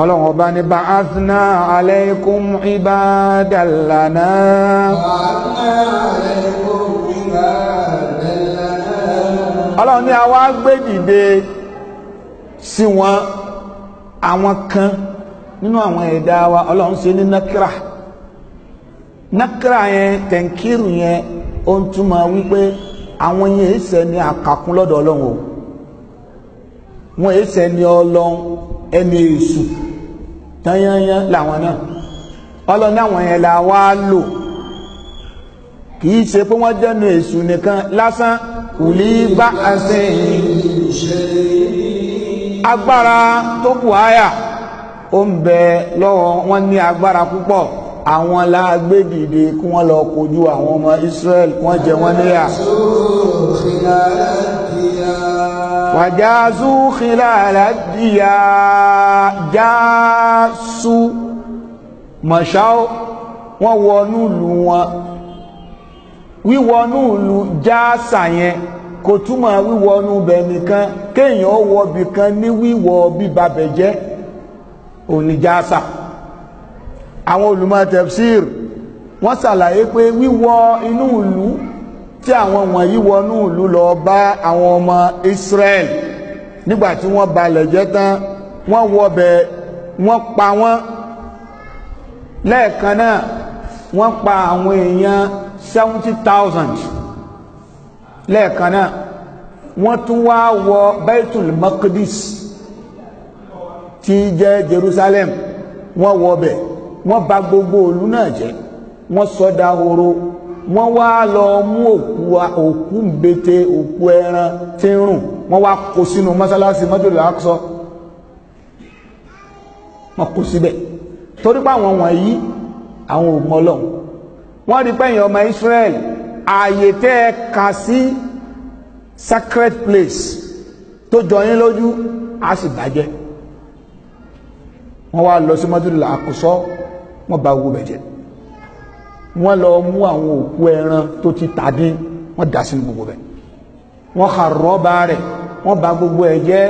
ọlọ́run ọba ní bá athna alaykum ibadallana. bá athna alaykum. ọlọ́run ní àwa gbé dìde sí wọn àwọn kan nínú àwọn ẹ̀dá wa ọlọ́run ṣe ní nakira nakira yẹn tẹ̀ǹkìrù yẹn ó ń túmọ̀ wípé àwọn yẹn èsẹ̀ ní àkàkún lọ́dọ̀ ọlọ́run o wọn èsẹ̀ ní ọlọ́run ẹni èṣù tanyanya làwọn náà ọlọ́run àwọn yẹn là wá lò kì í ṣe pé wọ́n jẹ́nu èṣù nìkan lásán kùlí bá ẹsẹ̀ agbára tó kù áyà ó ń bẹ lọ́wọ́ wọn ní agbára púpọ̀ àwọn lágbèdìde kí wọ́n lọ kojú àwọn ọmọ Israel kí wọ́n jẹ wọ́n níyà wàjásù kìlá àlàdìyà jásù mọ̀ṣáó wọ́n wọnú lù wọn wíwọnú ìlú jáàsà yẹn kò túmọ̀ wíwọnú bẹ̀ nìkan kéèyàn wọbì kan ní wíwọ bíba bẹ̀ jẹ́ òní jáàsà àwọn olùmọ̀ tafsir wọ́n ṣàlàyé pé wíwọ inú ìlú tí àwọn wọ̀nyí wọnú ìlú lọ bá àwọn ọmọ Israel nígbà tí wọ́n balẹ̀ jẹ́ tán wọ́n wọbẹ̀ wọ́n pa wọ́n lẹ́ẹ̀kan náà wọ́n pa àwọn èèyàn seventy thousand lẹ́ẹ̀kan náà wọ́n tún wá wọ Baitul Maqdis tí jẹ́ Jerusalem wọ́n wọ bẹ̀ wọ́n bà gbogbo ìlú náà jẹ́ wọ́n sọdá horo wọ́n wá lọ mú òkú òkú mbete òkú ẹran tí ń rùn wọ́n wá kó sínú mọ́sálásí mọ́tòlù àkọsọ wọ́n kó síbẹ̀ torí àwọn wọ̀nyí àwọn ò mọ Ọlọ́run wọ́n rí pẹ́yìn ọmọ Israel ààyè tẹ́ ẹ kà sí sacred place tó jọ yín lójú á sì bàjẹ́ wọ́n wá lọ sí mọ́tòlá àkùsọ́ wọ́n bá owó bẹ̀jẹ̀ wọ́n lọ mú àwọn òkú ẹran tó ti tàdín wọ́n dà sínú gbogbo bẹ̀ wọ́n kà rọ́ọ̀bà rẹ̀ wọ́n bà gbogbo ẹ̀ jẹ́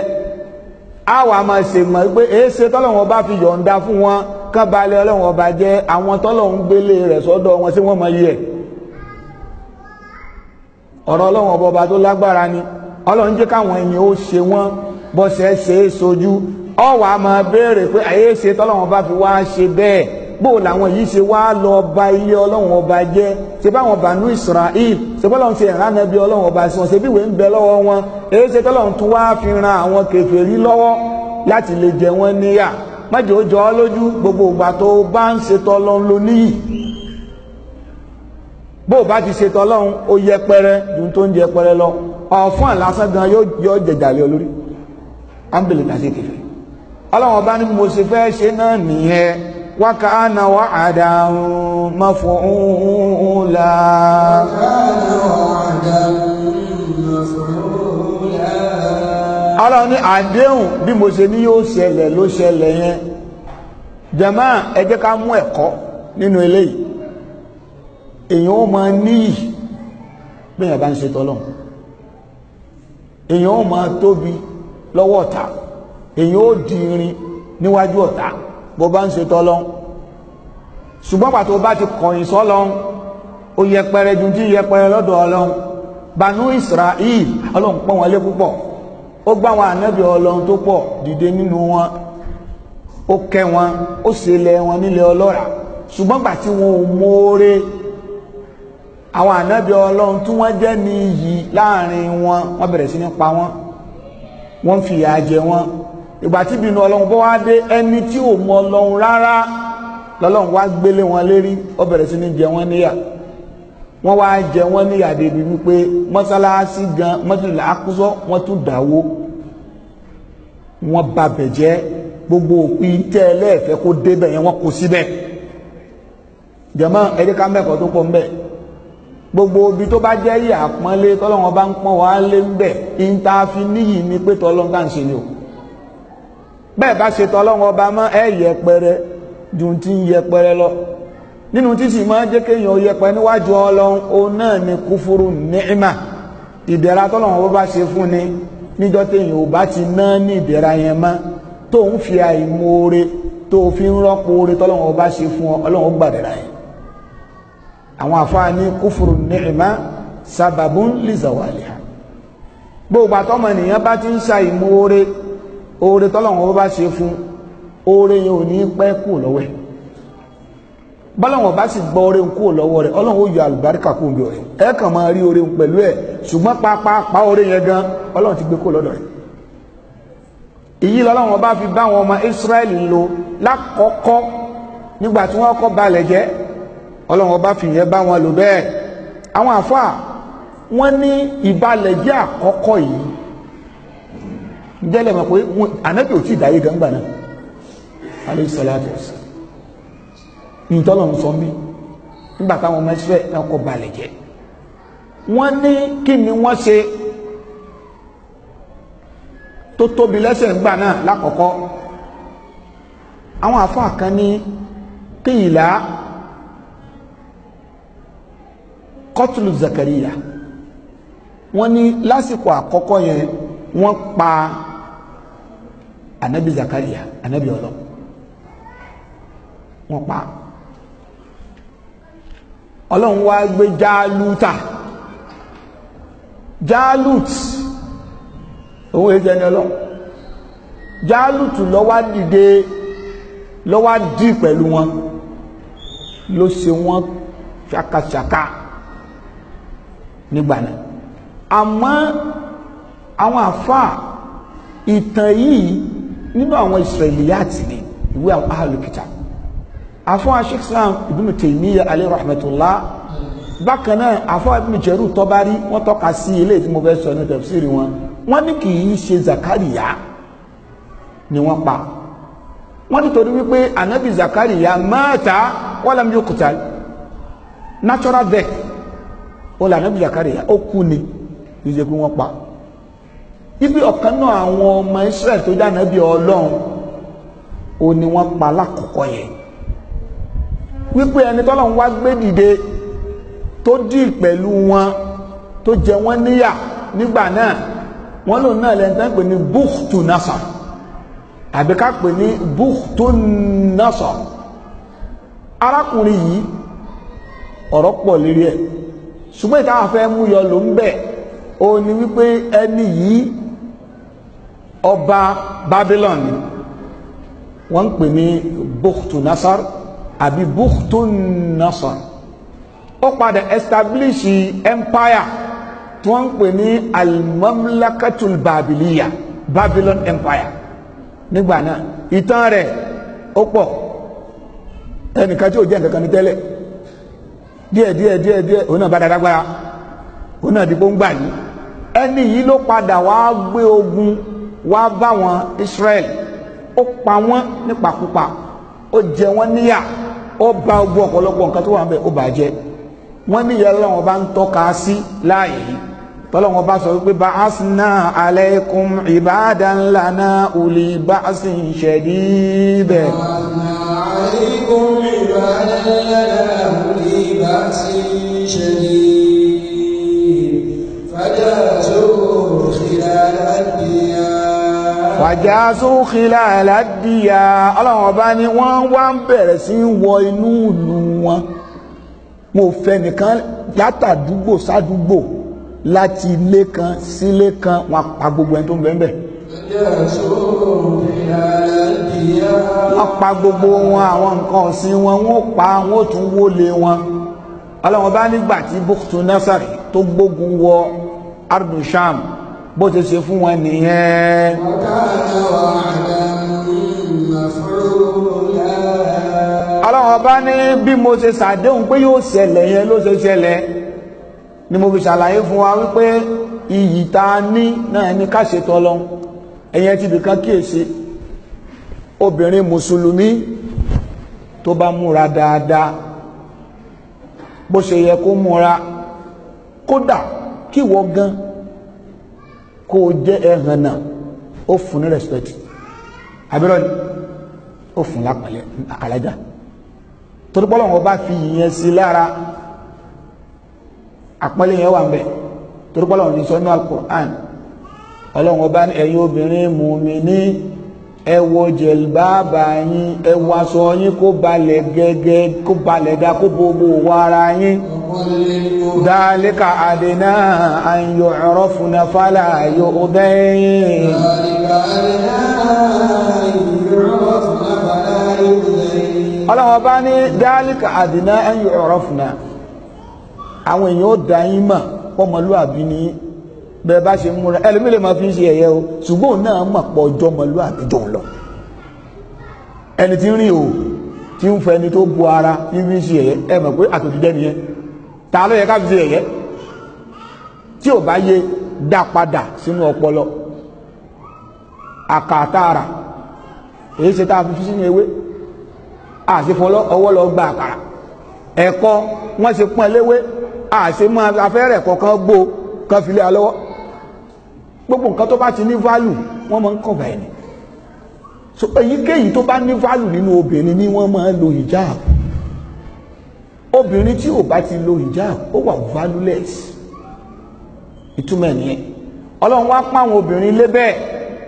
àwọn àmọ̀ ṣèmọ̀ pé èé ṣe tọ́lọ̀ wọn bá fi yọ̀ǹda fún wọn kán balẹ̀ ọlọ́run ọba jẹ́ àwọn tọ́lọ́run gbélé rẹ̀ sọ́dọ̀ wọn sí wọ́n mọ iye ẹ̀ ọ̀rọ̀ ọlọ́run ọba ọba tó lágbára ni ọlọ́run jẹ́ káwọn èèyàn ó ṣe wọ́n bọ́sẹ̀ ṣe é sojú ọwọ́ máa béèrè pé àyè ṣe tọ́lọ́run ọba fi wá ṣe bẹ́ẹ̀ bó làwọn yìí ṣe wá lọ ba ilé ọlọ́run ọba jẹ́ ṣe báwọn bànú Israel ṣe bọ́lọ́run ṣe ìrànà bí ọlọ́run ọba sí wọn ṣe bíwèé ń bẹ lọ́wọ́ wọn èyí ṣe tọ́lọ́run tún wá fi ran àwọn kèfèrí lọ́wọ́ láti lè jẹ wọ́n níyà mẹ́jọ jọ ọ́ lójú gbogbo ìgbà tó bá ń ṣe tọ́lọ́run lo níyì bó o bá ti ṣe tọ́lọ́run ó yẹpẹrẹ ju tó ń lọ ọ̀fún àlásán gan yóò jẹjàlẹ̀ olórí ámbìlì tàṣí kẹfẹ́ ọlọ́run ọba ní mo ṣe fẹ́ ṣe náà nìyẹn wákà ánà wà àdáhùn mọ́fọ́ òun la. wákà ánà wà ọlọ́run ní àdéhùn bí mo ṣe ní yóò ṣẹlẹ̀ ló ṣẹlẹ̀ yẹn jẹ̀mọ́ ẹ jẹ́ ká mú ẹ̀kọ́ nínú eléyìí èèyàn ó máa níyì bí èèyàn bá ń ṣe tọ́lọ̀ èèyàn ó máa tóbi lọ́wọ́ ọ̀tá èèyàn ó di irin níwájú ọ̀tá bó bá ń ṣe tọ́lọ́ ṣùgbọ́n pàtó bá ti kọ̀yìn sọ́lọ́n ó yẹpẹrẹ ju tí yẹpẹrẹ lọ́dọ̀ ọlọ́run Banu Israel ọlọ́run pọ́n wọlé púpọ̀ ó gbá wọn ànábì ọlọ́run tó pọ̀ dìde nínú wọn ó kẹ́ wọn ó ṣẹlẹ̀ wọn nílẹ̀ ọlọ́rà ṣùgbọ́n gbà tí wọn ò mọ̀ọ́rẹ́ àwọn ànábì ọlọ́run tí wọ́n jẹ́ ní iyì láàrin wọn wọ́n bẹ̀rẹ̀ sí ní pa wọ́n wọ́n fi ìyà jẹ wọ́n ìgbà tí ìbínú ọlọ́run bọ́ wá dé ẹni tí ò mọ ọlọ́run rárá lọ́lọ́run wá gbélé wọn lérí ó bẹ̀rẹ̀ sí ní jẹ wọ́n níyà wọ́n wá jẹ wọ́n ní àdébí wípé mọ́sálásí gan mọ́tòlá akúsọ́ wọ́n tún dáwó wọ́n ba bẹ̀jẹ́ gbogbo òpin tẹ́ ẹ lẹ́ẹ̀fẹ́ kó débẹ̀ yẹn wọ́n kó síbẹ̀ jẹ̀mọ́ ẹ̀dí ká mẹ́kọ̀ọ́ tó pọ̀ ń bẹ̀ gbogbo ibi tó bá jẹ́ yìí àpọ́nlé tọ́lọ́wọ́n bá ń pọ́n wá lé ń bẹ̀ ìntàfi níyì ni pé tọ́lọ́wọ́n bá ń ṣe ni o bẹ́ẹ̀ bá ṣe tọ́lọ́wọ́n ọba mọ́ ẹ̀ yẹpẹrẹ ju ti ń yẹpẹrẹ lọ nínú títí máa jẹ́ kéèyàn yẹpẹ níwájú ọlọ́run òun náà ni kúfúrú níìmà ìdẹ̀ra tọ́lọ́run bó bá ṣe fún ni níjọ́ téèyàn ò bá ti ná ní ìdẹ̀ra yẹn mọ́ tó ń fi àìmoore tó fi ń rọ́pò oore tọ́lọ́run bó bá ṣe fún ọ ọlọ́run gbàdẹ̀ra yẹn àwọn àfáà ní kúfúrú níìmà sábàbùn lìzàwàlìhà gbogbo àtọ́mọ ènìyàn bá ti ń sa ìmoore oore tọ́lọ́run bó bá ṣe fún oore yẹn ò ní pẹ́ kù lọ́wọ́ ẹ̀ bọ́lọ́wọ̀n bá sì gbọ́ orin kúrò lọ́wọ́ rẹ̀ ọlọ́run ó yọ àlùbáríkà kúrò bí orin ẹ kàn máa rí orin pẹ̀lú ẹ̀ ṣùgbọ́n pápá orin yẹn gan ọlọ́run ti gbé kúrò lọ́dọ̀ rẹ̀ èyí lọ́lọ́run bá fi bá àwọn ọmọ Ísírẹ́lì lò lákọ̀ọ́kọ́ nígbà tí wọ́n kọ́ balẹ̀ jẹ́ ọlọ́run bá fi yẹn bá wọn lò bẹ́ẹ̀ àwọn àfáà wọ́n ní ìbalẹ̀ jẹ́ àkọ́kọ́ yìí jẹ́lẹ̀ ìtọ́lọ̀ ń sọ mí nígbà táwọn ọmọ ẹsẹ̀ náà kò balẹ̀ jẹ́ wọ́n ní kí ni wọ́n ṣe tó tóbi lẹ́sẹ̀ ńgbà náà lákọ̀ọ́kọ́ àwọn àfáà kan ní kí ìlà kọtùlù zakariya wọ́n ní lásìkò àkọ́kọ́ yẹn wọ́n pa anabi zakariya anabi ọlọ wọ́n pa á ọlọ́run wá gbé jáálúta jáálút owó ẹjẹ ni ọlọ́run jáálút ló wá dìde ló wá dì pẹ̀lú wọn ló ṣe wọn ṣakaṣaka nígbà náà àmọ́ àwọn àfáà ìtàn yìí nínú àwọn Israeliyat ni ìwé àwọn ahàlùkìtà àfọ́n aṣíkṣán ibùnú tèmíyà alẹ́ rahmatullah bákan náà àfọ́n ibùnú jẹ́rù tọ́bárí wọ́n tọ́ka sí ilé tí mo fẹ́ sọ ní tafsiri wọn wọ́n ní kì í ṣe zakariya ni wọ́n pa wọ́n nítorí wípé anabi zakariya mata walam yuqtal natural death ó anabi zakariya ó kú ni kì í pé wọ́n pa ibi ọ̀kan náà àwọn ọmọ israẹli tó dá anabi ọlọ́run ó ní wọ́n pa lákòókò yẹn wípé ẹni tọ́lọ̀ ń wá gbé dìde tó dì pẹ̀lú wọn tó jẹ wọ́n níyà nígbà náà wọ́n lòun náà lẹ́ni tán pè ní bukhtu nasa àbí ká pè ní bukhtu nasa arákùnrin yìí ọ̀rọ̀ pọ̀ lérí ẹ̀ ṣùgbọ́n ìtawà fẹ́ mú yọ ló ń bẹ̀ ó ní wípé ẹni yìí ọba Babylon wọ́n ń pè ní bukhtu nasar àbí bukhtun nasar ó padà establish empire tí wọ́n ń pè ní almamlakatul babiliya Babylon empire nígbà náà ìtàn rẹ̀ ó pọ̀ ẹnìkan tí ò jẹ́ nǹkan kan ní tẹ́lẹ̀ díẹ̀ díẹ̀ díẹ̀ díẹ̀ òun náà bá dáadáa gbára òun náà dìbò ń gbà yìí ẹni yìí ló padà wá gbé ogun wá bá wọn Israel ó pa wọ́n nípakúpa ó jẹ wọ́n níyà ó ba gbogbo ọ̀pọ̀lọpọ̀ nǹkan tó wà ń bẹ̀ ó bàjẹ́ wọ́n ní ìyẹn lọ́wọ́ bá ń tọ́ka sí láàyè tọ́lọ́wọ́n bá sọ wípé bá asna alaykum ibadan lana uli ba'sin shadid bẹ́ẹ̀. wàjásó kìlá aládìyà ọlọ́run ọba ni wọ́n wá ń bẹ̀rẹ̀ sí wọ inú ìlú wọn mo fẹ́ nìkan látàdúgbò sádúgbò láti ilé kan sílé kan wọn pa gbogbo ẹni tó ń bẹ ń bẹ wọ́n pa gbogbo wọn àwọn nǹkan ọ̀sìn wọn wọ́n pa wọ́n tún wólé wọn ọlọ́run ọba nígbà tí buktu nasari tó gbógun wọ ardusham bó ti ṣe fún wọn nìyẹn. ọlọ́run ọba ní bí mo ṣe ṣàdéhùn pé yóò ṣẹlẹ̀ yẹn ló ṣe ṣẹlẹ̀ ni mo fi ṣàlàyé fún wa wípé iyì tá a ní ẹ̀yẹn ti nìkan kíyèsí obìnrin mùsùlùmí tó bá múra dáadáa bó ṣe yẹ kó múra kódà kíwọ gan kó o jẹ́ ẹ̀hàn náà ó fún ní respect abirọ ni ó fún lápàlẹ̀ àkàlájà torí pé Ọlọ́run bá fi yìnyẹn sí lára àpọ́nlé yẹn wà ń bẹ̀ torí pé Ọlọ́run ní sọ́nù al-Qur'an Ọlọ́run bá ní obìnrin mùmí ní. ẹwọ wọ jẹlbáàbà yín ẹ yín kó balẹ gẹgẹ kó balẹ dá kó gbogbo wa ara yín dálíkà àdínà àyọ̀ ọrọ fúnà fálà yóò yín ọlọ́wọ́ bá ní dálíkà àdínà àyọ̀ ọ̀rọ̀ fúnà àwọn èèyàn ó dá yín ni bẹ́ẹ̀ bá ṣe ń múra ẹlòmí lè máa fi ń ṣe ẹ̀yẹ o ṣùgbọ́n náà mọ̀ pọ̀ ọjọ́ mọ̀lú àbíjọ ń lọ ẹni tí ń rìn o tí ń fẹ́ ẹni tó bu ara ní fi ń ṣe ẹ̀yẹ ẹ mọ̀ pé àtòjìdẹ́ nìyẹn ta ló yẹ ká fi ṣe ẹ̀yẹ tí ò bá yé dá padà sínú ọpọlọ àkàtàrà èyí ṣe tá a fi sínú ewé àṣefọlọ ọwọ́ lọ gba àkàrà ẹ̀kọ́ wọ́n ṣe pọ́n léwé àṣemọ́ afẹ́rẹ̀ kọ̀ọ̀kan gbó kan fi lé alọ́wọ́ gbogbo nǹkan tó bá ti ní value wọ́n máa ń kọ̀bà ẹni so èyíkéyìí tó bá ní value nínú obìnrin ni wọ́n máa ń lo hijab obìnrin tí ò bá ti lo hijab ó wà valueless ìtumọ̀ ẹ̀ nìyẹn ọlọ́run wá pa àwọn obìnrin lé bẹ́ẹ̀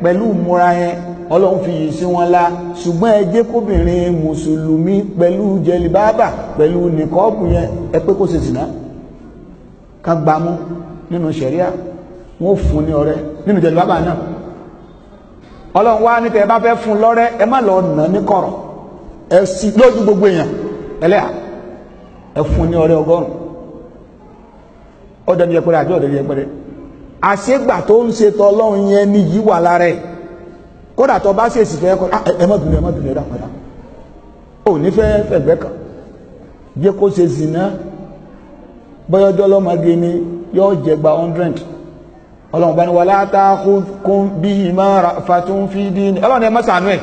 pẹ̀lú ìmúra yẹn ọlọ́run fi yìí sí wọn la ṣùgbọ́n ẹ jẹ́ kóbìnrin mùsùlùmí pẹ̀lú jẹlibábà pẹ̀lú nìkọ́ọ̀bù yẹn ẹ pé kó ṣe sìná ká gbámú nínú ṣẹ̀ríà wọ́n fún ní ọrẹ nínú jẹ̀lú náà ọlọ́run wá bá fẹ́ fún lọ́rẹ́ ẹ má lọ nà ní kọ̀rọ̀ ẹ lójú gbogbo èèyàn ẹlẹ́yà ẹ fún ní ọrẹ ọgọ́rùn ọdẹ ẹpẹrẹ àti ọdẹ ẹpẹrẹ àṣegbà tó ń ṣe tọ ọlọ́run yẹn wà lára ẹ kódà tó bá ṣèṣì fẹ́ kọ́ ah, ẹ má ẹ má ẹ dà ò ní fẹ́ fẹ̀gbẹ́ kan ni yóò ọlọ́run bá ní wà látàkùnkùn bí i máa ràfàtún fi dí ní ọlọ́run ẹ mọ́sànú ẹ̀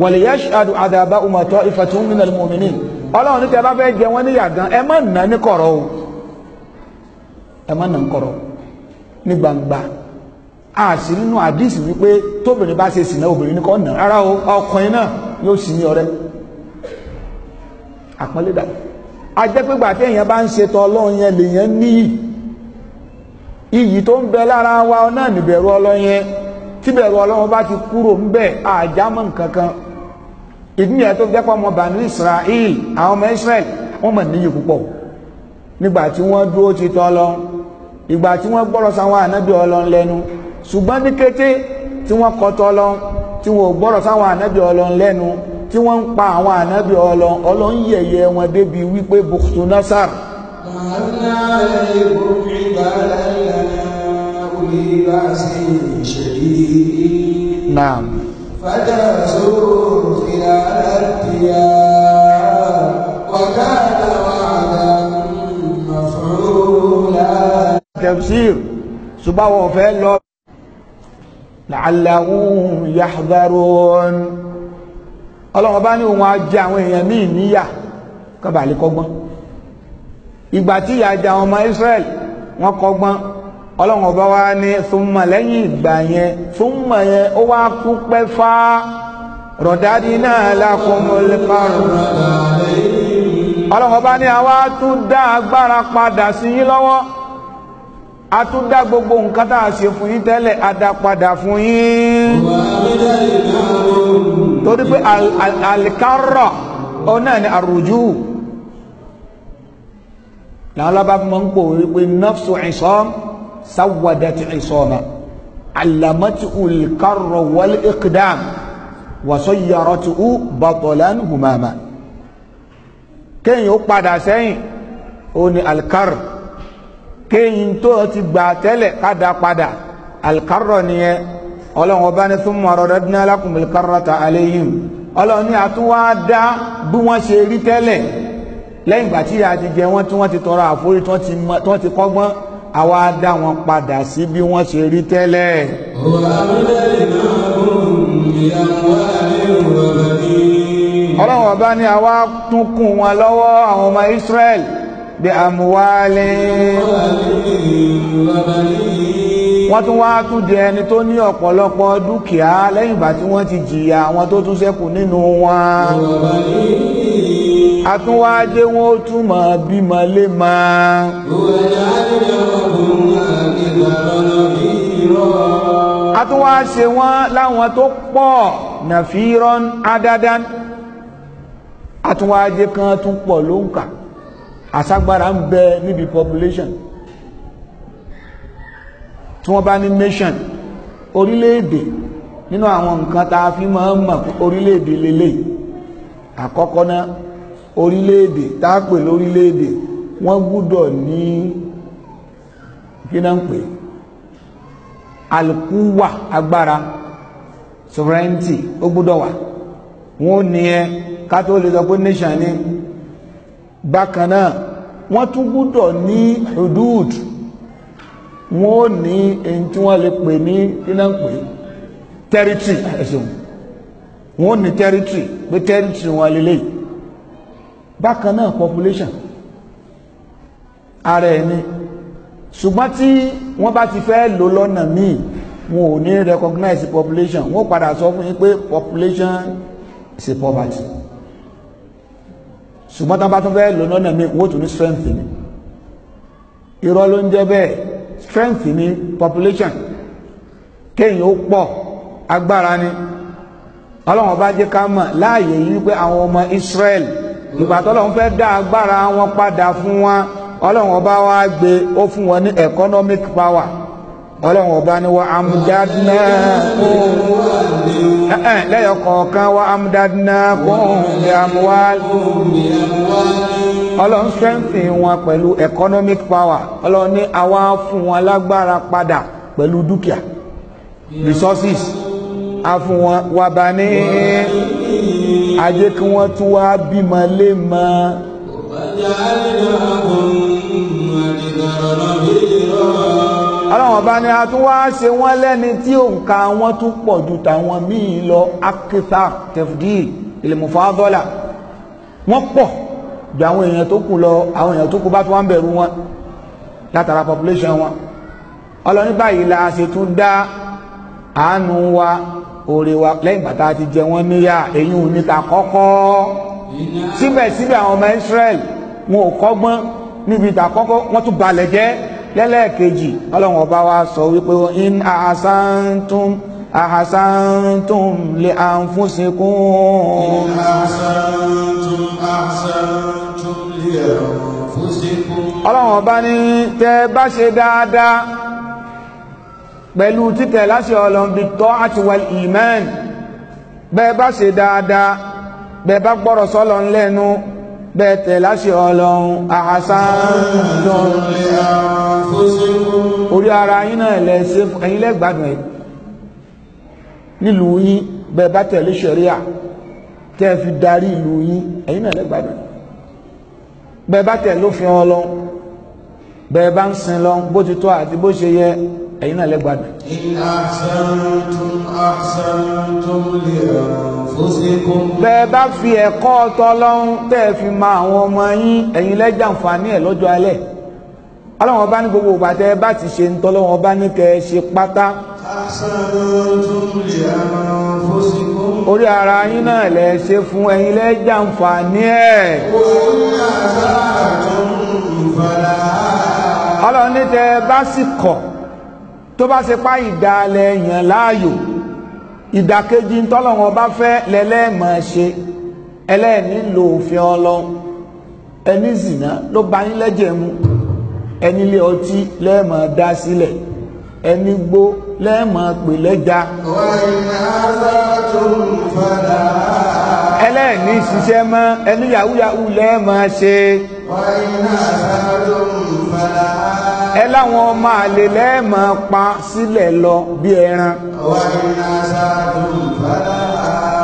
wà lè yá ṣàdù àdàbà umatọ́ ìfàtún nínú ẹlmọ̀mìnì ọlọ́run tẹ bá fẹ́ jẹ wọ́n ní yàgán ẹ má nà ní kọ̀rọ̀ o ẹ má nà ní kọ̀rọ̀ ní gbangba a sì nínú àdìsí wípé tóbìnrin bá ṣe sìnà obìnrin ní kọ́ nà rárá o ọkùnrin náà yóò sì ní ọ̀rẹ́ àpọ́nlé dà tí èèyàn bá ń ṣe tọ́ ọlọ́run yẹn lèèyàn níyì iyì tó ń bẹ lára wa náà níbẹ̀rù ọlọ́yẹn tíbẹ̀rù ọlọ́wọ́ bá ti kúrò ń bẹ̀ àjámọ̀ nkankan ìdíyẹ tó jẹ́ pọ́ ọmọ bàánú Israel àwọn ọmọ Israel wọ́n mọ̀ níyì púpọ̀ nígbà tí wọ́n dúró ti tọ́ lọ ìgbà tí wọ́n gbọ́rọ̀ sáwọn ànábì Ọlọ́run lẹ́nu ṣùgbọ́n ní kété tí wọ́n kọ̀ tọ́ lọ tí wọ́n gbọ́rọ̀ sáwọn ànábì Ọlọ́run lẹ́nu tí wọ́n ń pa àwọn ànábì Ọlọ́run Ọlọ́run yẹ̀yẹ́ wọn débi wípé bukhtunasar. màá ná ẹ̀yìn bùkún ìbára بأس شديد نعم فجاسوا خلال الديار وكان وعدا مفعولا تفسير سبا وفيلو لعلهم يحذرون ọlọ́run bá ní òun á jẹ àwọn èèyàn míì níyà kọbàlì ìgbà tí ìyà jẹ ọmọ Israel wọ́n kọgbọ́n ọlọ́run ọba wa ní súnmọ́ lẹ́yìn ìgbà yẹn súnmọ́ yẹn ó wá kú pẹ́ fá rọ̀dádì náà lákòmọ́lé márùn ọlọ́run ọba ní àwa tún dá agbára padà sí yín lọ́wọ́ a tún dá gbogbo nǹkan tá a ṣe fún yín tẹ́lẹ̀ a dá padà fún yín torí pé alikara òun náà ni àròjù làwọn lábàá fi máa ń pò wípé nafsu ìsọ́m. سودت عصامه علمته الكر والإقدام وصيرته بطلا هماما kéèyàn ó padà sẹ́yìn ó ní alkar kéèyàn tó ti gbà tẹ́lẹ̀ ká dá padà alkarrọ̀ nìyẹn ọlọ́run ọba ní thumma radadna lakumul karrata alayhim ọlọ́run ní àtúwá dá bí wọ́n ṣe rí tẹ́lẹ̀ lẹ́yìn ìgbà tí ìyà ti jẹ wọ́n tí wọ́n ti tọrọ àforí tí wọ́n ti kọ́gbọ́n àwa dá wọn padà sí bí wọ́n ṣe rí tẹ́lẹ̀. ọlọ́run ọba ní àwa tún kún wọn lọ́wọ́ àwọn ọmọ Israel bí àmúwálé wọ́n tún wá tún di ẹni tó ní ọ̀pọ̀lọpọ̀ dúkìá lẹ́yìn ìgbà tí wọ́n ti jìyà àwọn tó tún ṣẹ́kù nínú wọn a tún wá dé wọn ó tún máa bímọ lé máa. a tún wá ṣe wọn láwọn tó pọ̀ nàfíràn adadan a tún wá dé kan tún pọ̀ ló ń kà àságbára ń bẹ níbi population tí wọ́n bá ní nation orílẹ̀-èdè nínú àwọn nǹkan tá a fi máa ń mọ̀ orílẹ̀-èdè lélẹ̀ àkọ́kọ́ náà orílẹ̀-èdè tápè lórílẹ̀-èdè wọ́n gbúdọ̀ ní gínà ń pè alùkúwà agbára sovereignty ó gbúdọ̀ wà wọ́n ní ẹ ká tó lè sọ pé nation ni bákan náà wọ́n tún gbúdọ̀ ní hudud wọ́n ní ẹni tí wọ́n lè pè ní gínà ń pè territory ẹ̀sùn wọ́n ní territory pé territory wọn lélẹ́yìí bákan náà population ara ẹni ṣùgbọ́n tí wọ́n bá ti fẹ́ lò lọ́nà míì wọn ò ní recognize population wọ́n padà sọ fún yín pé population is a poverty ṣùgbọ́n tí wọ́n bá tún fẹ́ lò lọ́nà míì wọ́n tún ní strength ni irọ́ ló ń jẹ́ bẹ́ẹ̀ strength ni population kéèyàn ó pọ̀ agbára ni ọlọ́run ọba jẹ́ ká mọ̀ láàyè yìí wípé àwọn ọmọ Israel ìgbà tọ́lọ́run fẹ́ dá agbára wọn padà fún wa ọlọ́run ọba wa gbé ó fún wọn ní economic power ọlọ́run ọba ni wa amdadna lẹ́yọ̀ kọ̀ọ̀kan wa amdadna kóhùn bí amwal ọlọ́run strengthen wọn pẹ̀lú economic power ọlọ́run ní àwa fún wọn lágbára padà pẹ̀lú dúkìá resources a fún wọn wà bá ní ajé kí wọ́n tún wá bímọ lé mọ́. ọlọ́wọ́n bá ní a wá ṣe wọ́n lẹ́ni tí òǹkà wọn tún pọ̀ ju tàwọn míì lọ akitha tefdi ilmufadala wọ́n pọ̀ ju àwọn èèyàn tó kù lọ àwọn èèyàn tó kù bá tún wá bẹ̀rù wọn látara population wọn ọlọ́ní báyìí la ṣe tún dá àánú wa oore wa lẹ́yìn bàtà ti jẹ wọ́n níyà èyí ò níta kọ́kọ́ síbẹ̀síbẹ̀ àwọn ọmọ Israel wọn ò kọ́gbọ́n níbi ìta kọ́kọ́ wọ́n tún balẹ̀ jẹ́ lẹ́lẹ́ẹ̀kejì ọlọ́run ọba wa sọ wípé in ahasantum ahasantum li anfusikum in ahasantum ahasantum li anfusikum ọlọ́run ọba ní tẹ́ bá ṣe dáadáa pẹ̀lú títẹ̀ láṣẹ Ọlọ́run bí tọ́ àti wal iman bẹ́ẹ̀ bá ṣe dáadáa bẹ́ẹ̀ bá gbọ́rọ̀ sọ́lọ ńlẹ́nu bẹ́ẹ̀ tẹ̀ láṣẹ Ọlọ́run àhásánlọ́n orí ara yín náà lẹ́ẹ̀ṣe ẹ̀yin lẹ́gbàdùn ẹ̀ nílùú yín bẹ́ẹ̀ bá tẹ̀lé ṣẹ̀ríà tẹ́ fi darí ìlú yín ẹ̀yin náà lẹ́gbàdùn bẹ́ẹ̀ bá tẹ̀lé òfin Ọlọ́run bẹ́ẹ̀ bá ń sin lọ bó ti tọ́ àti bó ṣe yẹ ẹ̀yin náà lẹ́gbàdùn. in ahsantum ahsantum li anfusikum. bẹ́ẹ̀ bá fi ẹ̀kọ́ tọ́lọ́hún tẹ́ ẹ fi ma àwọn ọmọ yín ẹ̀yin lẹ́jàǹfààní ẹ̀ lọ́jọ́ alẹ́ ọlọ́wọ́n bá ní gbogbo ìgbà tẹ́ ẹ bá ti ṣe ń tọ́lọ́wọ́n bá ní kẹ́ ẹ ṣe pátá. ahsantum li anfusikum. orí ara yín náà lẹ ṣe fún ẹ̀yin lẹ́jàǹfààní ẹ̀. òun náà bá ọlọ́run ní tẹ́ ẹ bá sì kọ̀ tó bá ṣe pa ìdálẹ̀ yàn láàyò ìdàkejì tọ́lọ̀wọ́n bá fẹ́ lẹ́lẹ́mọ̀ ṣe ẹlẹ́ẹ̀ní lo òfin ọlọ ẹni zìnà ló bá yín lẹ́jẹ̀ mu ẹni ilé ọtí lẹ́ẹ̀mọ̀ dá sílẹ̀ ẹni gbó lẹ́ẹ̀mọ̀ pè lẹ́ja ẹlẹ́ẹ̀ní ṣiṣẹ́ mọ́ ẹni yahoo yahoo lẹ́ẹ̀mọ̀ ṣe láwọn ọmọ àlè lẹ́ẹ̀mọ̀ pa sílẹ̀ lọ bí ẹran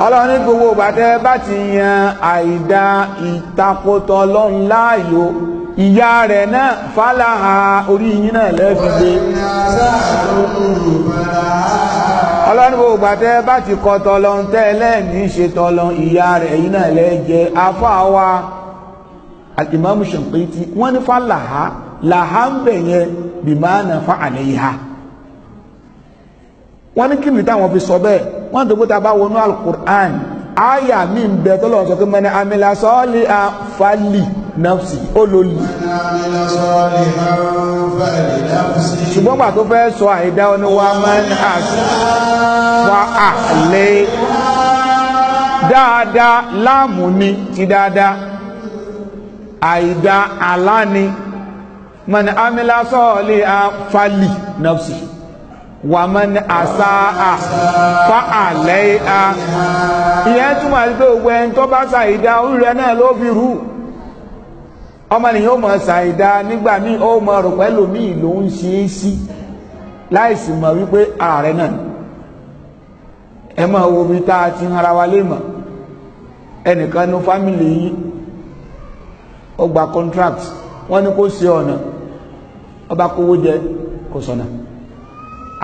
ọlọ́run ní gbogbo ìgbàtẹ́ bá ti yan àìdá ìtakótọ́ lọ́n láàyò ìyá rẹ̀ náà fàlàhà orí yín náà lẹ́fi gbé ọlọ́run ní gbogbo ìgbàtẹ́ bá ti kọ tọ́lọ́n tẹ́lẹ̀ ní ṣe tọ́lọ́n ìyá rẹ̀ yín náà lẹ́jẹ afáwa Al-Imam Shinqiti wọ́n ní fàlàhà làhámbẹ̀ yẹn bí máa nà fa àlẹ́ yìí ha wọ́n ní kí ni táwọn fi sọ bẹ́ẹ̀ wọ́n tó kó ta bá wọnú alukur'an àyà mi ń bẹ tó lọ́wọ́ sọ pé mẹ́ni amílà sọ́ọ́lì àǹfààlì nafsi olóli. ṣùgbọ́n gbà fẹ́ sọ àìdá ọni wa mẹ́ni àṣà àlẹ́ dáadáa láàmú ni ti dáadáa àìdá àlá ni. man amila sọ́ọ̀lì afali nafsi wà wa asáà fa a ìyẹn túmọ̀ a ihe gbogbo ẹni ogbe bá ṣàìdá oríire náà ló fi rú ọmọnìyàn ó mọ̀ ṣàìdá nígbà míì ó mọ̀ rò pẹ́lú míì ló ń ṣe é sí láìsí mọ̀ wípé ààrẹ náà a ti ara wa wọ́n ní kó ṣe ọ̀nà ọba kówó jẹ kò sọ̀nà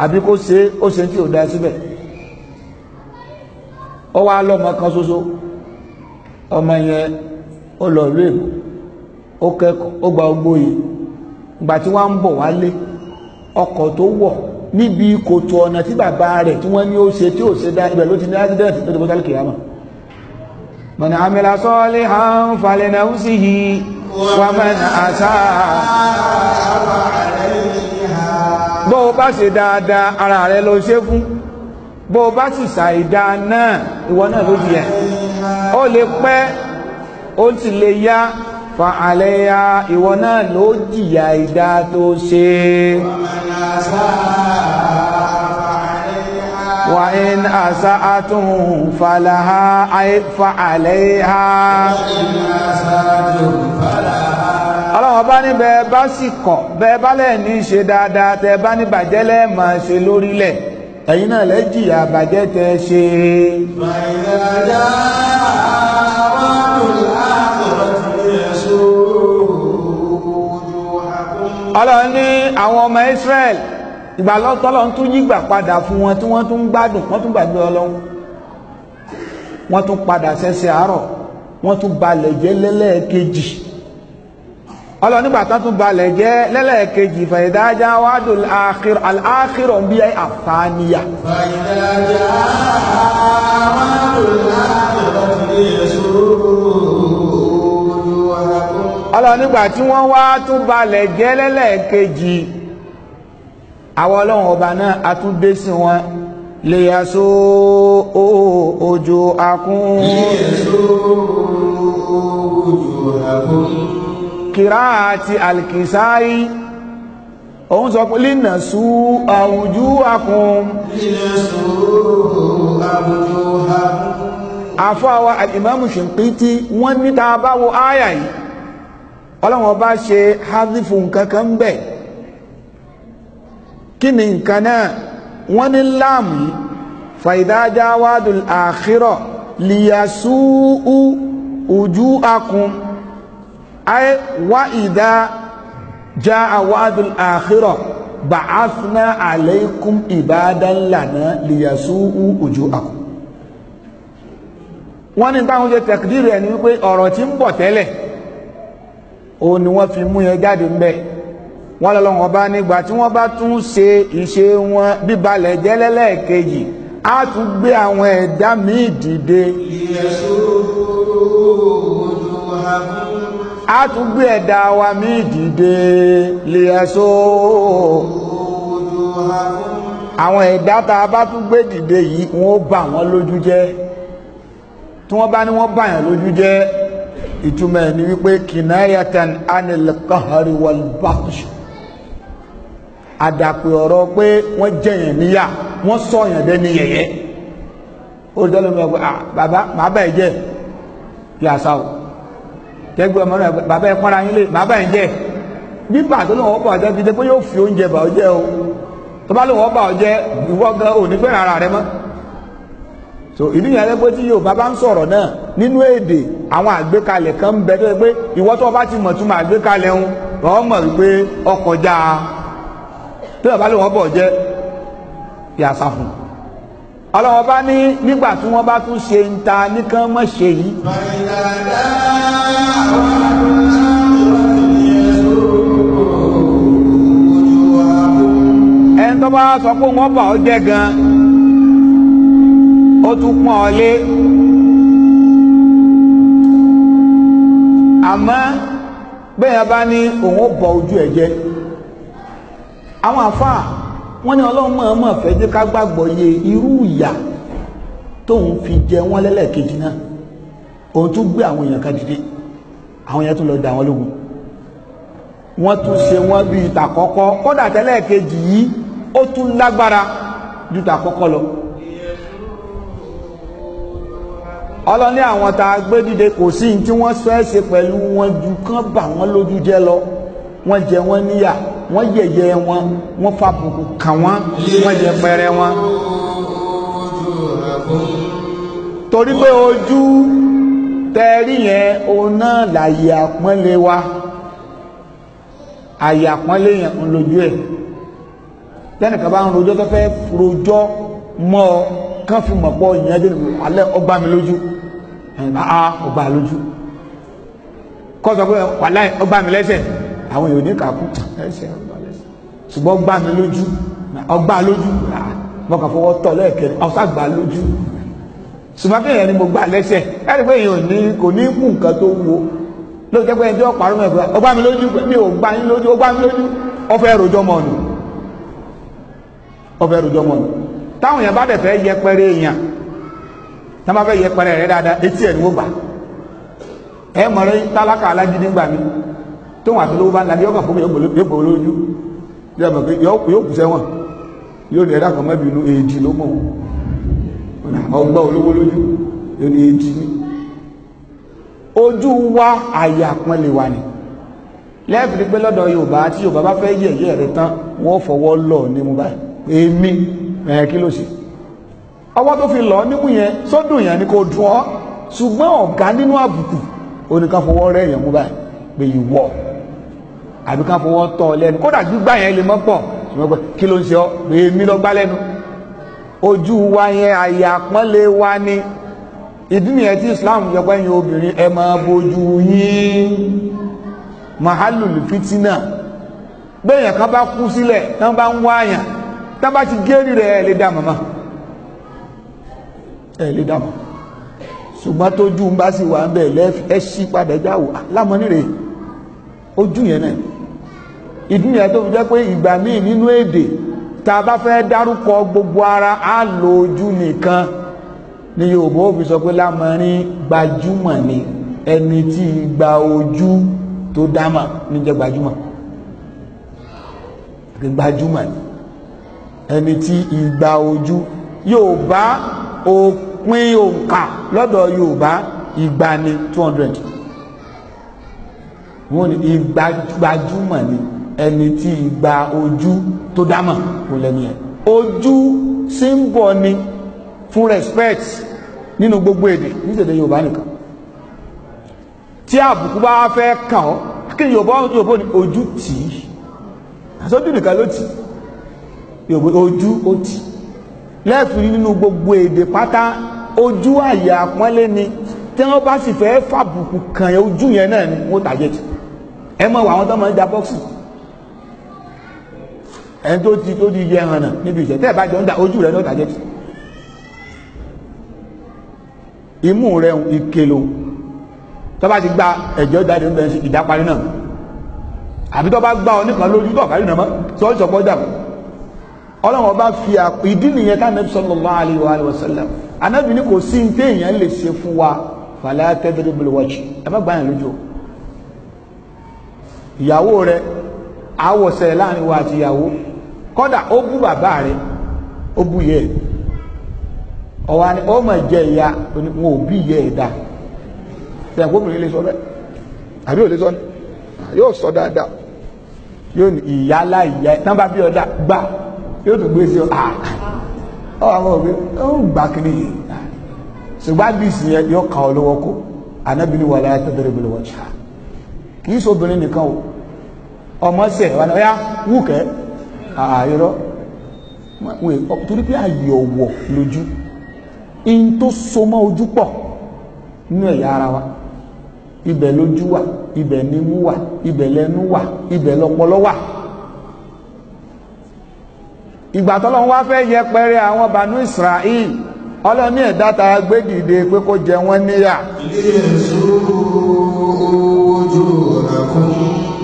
àbí kó ṣe ó ṣe tí ò dá síbẹ̀ ó wá lọ́mọ kan ṣoṣo ọmọ yẹn ó lọ ìlú èkó ó kẹ́kọ̀ọ́ ó gba ìgbà tí wọ́n ń bọ̀ wálé ọkọ̀ tó wọ̀ níbi kòtò ọ̀nà tí bàbá rẹ̀ tí wọ́n ní ó tí ò dá ibẹ̀ ló ti ní ومن أساء bó o bá ṣe dáadáa ara rẹ ló ṣe fún bó o bá sì ṣàìdá náà ìwọ náà ló jìyà ó lè pẹ́ ó ti lè yá fa àlẹyà ìwọ náà ló jìyà ìdá tó ṣe. wa in asa'atun falaha fa àlẹyà. wa in asa'atun falaha ọlọ́run bá ní bẹ́ẹ̀ bá sì kọ̀ bẹ́ẹ̀ bá lẹ̀ ní ṣe dáadáa tẹ́ bá ní bàjẹ́ lẹ́ máa ṣe lórílẹ̀ ẹ̀yin náà lẹ́ bàjẹ́ tẹ́ ṣe. bàyìlá ọlọ́run ní àwọn ọmọ Israel ìgbà lọ́tọ́lọ́ tún yígbà padà fún wọn tí wọ́n tún ń gbádùn wọ́n tún gbàgbé ọlọ́run wọ́n tún padà ṣẹ̀ṣẹ̀ àárọ̀ wọ́n tún balẹ̀ jẹ́ lẹ́lẹ́ẹ̀kejì ọlọ́nígbà tán tún balẹ̀ jẹ́ lẹ́lẹ́ẹ̀kejì fàyídájá wádùn aláàkírọ̀ ń bí i àfàníyà ọlọ́nígbà tí wọ́n wá tún balẹ̀ jẹ́ lẹ́lẹ́ẹ̀kejì àwọn ọlọ́run ọba náà a tún dé sí wọn lè yàsó ojú akún lè yàsó ojú akún kìráàtì alkìsáì òun sọ pé lìnà sú àwùjú akùn àfọwà alìmọ́mù ṣìnkìtì wọ́n ní ta báwo áyà yìí ọlọ́wọ́n bá ṣe hazifu nǹkan kan bẹ̀ kí ni nǹkan náà wọ́n ní láàmù yìí fàìdájá àkírọ̀ lìyàsú ojú akùn ay wa idha jaa wa'dul akhirah ba'athna alaykum ibadan lana liyasu'u wujuhakum wọ́n ní táwọn ṣe tẹ̀kìdìrì ẹ̀ ní wípé ọ̀rọ̀ tí ń bọ̀ tẹ́lẹ̀ o ni wọ́n fi mú yẹn jáde ń bẹ̀ wọ́n lọ́lọ́wọ́n bá nígbà tí wọ́n bá tún ṣe ìṣe wọn bíbalẹ̀ jẹ́lẹ́lẹ̀ kejì á tún gbé àwọn ẹ̀dá míì dìde. ìyẹ̀sọ́ ojú wa mú a tún gbé ẹ̀dá wa mí dìde lè ẹ̀ṣọ́ àwọn ẹ̀dá tá a bá tún gbé dìde yìí wọ́n bà wọ́n lójú jẹ́ tí wọ́n bá ní wọ́n bà yàn lójú jẹ́ ìtumọ̀ ẹ̀ ni wípé kìnnáyàtàn anilkahari walbaṣu àdàpè ọ̀rọ̀ pé wọ́n jẹ̀yàn níyà wọ́n sọ̀yàn dẹ́ni yẹ̀yẹ́ ó dẹ́lẹ́mọ̀ ah, bàbá màá bẹ̀ jẹ́ yàtọ̀ tẹ́gbẹ́ ọmọ náà bàbá ẹ pọ́nra yín lé bàbá ẹ̀ ń jẹ́ bíbà tó lóun ọ̀pọ̀ àti ẹbí pé yóò fi oúnjẹ bà ọ́ jẹ́ o tó bá lóun ọ̀pọ̀ ọ̀jẹ́ ìwọ gan ò ní fẹ́ràn ara rẹ mọ́ so ìlú yẹn lẹ́gbẹ́ tí Yorùbá bá ń sọ̀rọ̀ náà nínú èdè àwọn àgbékalẹ̀ kan ń bẹ tó yẹ pé ìwọ tó o bá ti mọ̀ tún mọ̀ àgbékalẹ̀ ń wọ́n mọ̀ wípé ọkọ̀ já a tó yẹ bá lóun ọ̀pọ̀ ọ̀jẹ́ yàtsá fún ọlọ́wọ́ bá ní nígbà tí wọ́n bá tún ṣe ń ta nìkan mọ̀ ṣe yìí. ẹni tó bá sọ pé wọ́n bà ọ́ jẹ́ gan ó tún pọ́n ọ lé àmọ́ bẹ́ẹ̀ bá ní òun bọ ojú ẹ̀ jẹ́ àwọn àfáà wọ́n ní ọlọ́run mọ̀ ọmọ fẹ́ jẹ́ ká gbàgbọ́ yé irú ìyà tóun fi jẹ wọ́n lẹ́lẹ́kejì náà òun tún gbé àwọn èèyàn kan dìde àwọn yẹn tún lọ dá wọn lógun wọ́n tún ṣe wọ́n bí ìtàkọ́kọ́ kódà tẹ́lẹ̀ kejì yìí ó tún lágbára ju ìtàkọ́kọ́ lọ ọlọ́ní àwọn tá a gbé dìde kò sí ní tí wọ́n fẹ́ ṣe pẹ̀lú wọn ju kán bà wọ́n lójú jẹ́ lọ wọ́n jẹ wọ́n níyà wọ́n yẹ̀yẹ́ wọn wọ́n fàbùkù kàn wọ́n wọ́n jẹ pẹrẹ wọn torí pé ojú tẹ́rí yẹn òun náà làyè àpọ́nlé wa àyè àpọ́nlé yẹn ń lójú ẹ̀ tẹ́nìkan bá ń rojọ́ tó fẹ́ rojọ́ mọ́ ọ kán fi mọ̀ pọ̀ ìyẹn dé nìkan alẹ́ ọgbà mi lójú àá ọgbà lójú kọ́ sọ pé wàláì ọgbà mi lẹ́sẹ̀ àwọn èèyàn ní kàkú lẹ́sẹ̀ ṣùgbọ́n ọgbà mi lójú ọgbà lójú mọ̀kàn fọwọ́ tọ̀ lẹ́ẹ̀kẹ́rin ọ̀sà gbà lójú ṣùgbọ́n kéèyàn ni mo gbà lẹ́sẹ̀ láti pé èèyàn ní kò ní mú nǹkan tó wúwo ló jẹ́ pé ẹjọ́ parọ́ mọ̀ ẹ̀fọ́ ọgbà mi lójú mi ò gbà yín lójú ó gbà mí lójú ọfẹ́ rojọ́ mọ̀ nù ọfẹ́ rojọ́ mọ̀ nù táwọn èèyàn bá dẹ̀ fẹ́ yẹpẹrẹ èèyàn tá bá fẹ́ yẹpẹrẹ rẹ dáadáa etí ẹ̀ ni wọ́n gbà ẹ mọ̀rẹ́ tálákà alájídé gbà mí tóun àti lówó bá ń lajẹ́ ọkàn fún mi yóò gbòó ọgbọ́n olówó lójú lórí èjì ní ojú wa àyè àpọ́nlé wa ni lẹ́ẹ̀fì pé lọ́dọ̀ Yorùbá tí Yorùbá bá fẹ́ yẹ̀yẹ́ rẹ̀ tán wọ́n fọwọ́ lọ ní mú báyìí èmi ẹ̀ kí ló ṣe ọwọ́ tó fi lọ nímú yẹn sódùn yẹn ni kò dùn ọ́ ṣùgbọ́n ọ̀gá nínú àbùkù oníkan fọwọ́ rẹ̀ yẹn mú báyìí pé ìwọ àbíkan fọwọ́ tọ́ lẹ́nu kódà gbígbà yẹn lè mọ́ pọ̀ ṣùgbọ́n kí ló ń ṣe ọ́ èmi lọ gbá lẹ́nu ojú wa yẹn àyè àpọ́nlé wa ni ìdí nìyẹn tí Islam yọ pé yín obìnrin ẹ máa bójú yín mahalul fitina bẹ́ẹ̀yàn kan bá kú sílẹ̀ tán bá ń wá àyàn tán bá ti géèrè rẹ̀ ẹ̀ lè dá màmá ẹ̀ lè dá màmá ṣùgbọ́n tójú ń bá sì wà ń bẹ̀ lẹ́fì ẹ ṣí padà jáwò lámọ́nìrè ojú yẹn náà ìdí nìyẹn tó fi jẹ́ pé ìgbà míì nínú èdè tá a bá fẹ́ dárúkọ gbogbo ara á lo ojú nìkan ní Yorùbá ó fi sọ pé lámọrin gbajúmọ̀ ni ẹni tí gba ojú tó dámà níjẹ́ gbajúmọ̀ gbajúmọ̀ ni ẹni tí ìgbà ojú Yorùbá òpin òǹkà lọ́dọ̀ Yorùbá ìgbà ni 200 wọ́n ni ìgbà gbajúmọ̀ ni ẹni tí ìgbà ojú tó dámọ̀ kò lẹ́ni ẹ̀ ojú símbọ̀ ni fún respect nínú gbogbo èdè ní Yorùbá nìkan tí àbùkù bá fẹ́ kàn ọ́ kí Yorùbá Yorùbá ni ojú tì í àsọ́jú nìkan ló tì Yorùbá ojú ó tì lẹ́ẹ̀fì nínú gbogbo èdè pátá ojú àyè àpọ́nlé ni tí wọ́n bá sì fẹ́ fàbùkù kàn ojú yẹn náà ni wọ́n tàjẹ́ tì ẹ mọ̀ wà àwọn tó máa ń ja bọ́ọ̀sì ẹni tó ti tó ti yẹ hàn náà níbi ìṣẹ́ tẹ́ẹ̀ bá jọ ń da ojú rẹ̀ ní ọ̀tà jẹ́tì imú rẹ̀ ń ìkèlò tó bá ti gba ẹ̀jọ́ dáadé ń bẹ ìdáparí náà àbí tó bá gbá ọ nìkan lójú tó ọ̀kárí náà mọ́ tó ń sọpọ́ dàbọ̀ ọlọ́run ọba fi àpò ìdí nìyẹn tá anabi sallallahu alaihi wa sallam anabi ní kò sí ní téèyàn lè ṣe fún wa fàlẹ́ àtẹ́dẹ́rẹ́ bẹ̀rẹ̀ wọ́ọ̀kì ẹ má gbá yẹn lójú o ìyàwó rẹ̀ àwọ̀sẹ̀ láàrin wa àti ìyàwó kọ́dà ó bú bàbá rẹ̀ ó bú yẹ ọ̀wá ni ó mọ̀ jẹ ìyá wọn ò bí yẹ ẹ̀dá ṣe àgbóbìnrin lè sọ bẹ́ẹ̀ àbí ò lè sọ ni yóò sọ dáadáa yóò ní ìyá láìyá ẹ̀ tán bá bí ọ̀dà gbà yóò tún gbé e sí ọ ọ àwọn òbí ó ń gbà kiri yìí ah. ṣùgbọ́n àdìsí yẹn yóò kàn ọ́ lọ́wọ́ kó ànábì ni wàlá tẹ́tẹ́rẹ́ bẹ̀rẹ̀ wọ́n kì í ṣe obìnrin nìkan o ọmọ sẹ̀ wà ní ọ̀yá wù kẹ́ẹ́. àìrọ́ torí pé àyọ̀wọ̀ lójú in tó so mọ́ ojú pọ̀ nínú ẹ̀yà ara wa ibẹ̀ lójú wà ibẹ̀ nímú wà ibẹ̀ lẹ́nu wà ibẹ̀ lọpọlọ wà ìgbà wá fẹ́ yẹpẹrẹ àwọn Israel ẹ̀dá ta gbé dìde pé kó jẹ wọ́n níyà. ilé ẹ̀sùn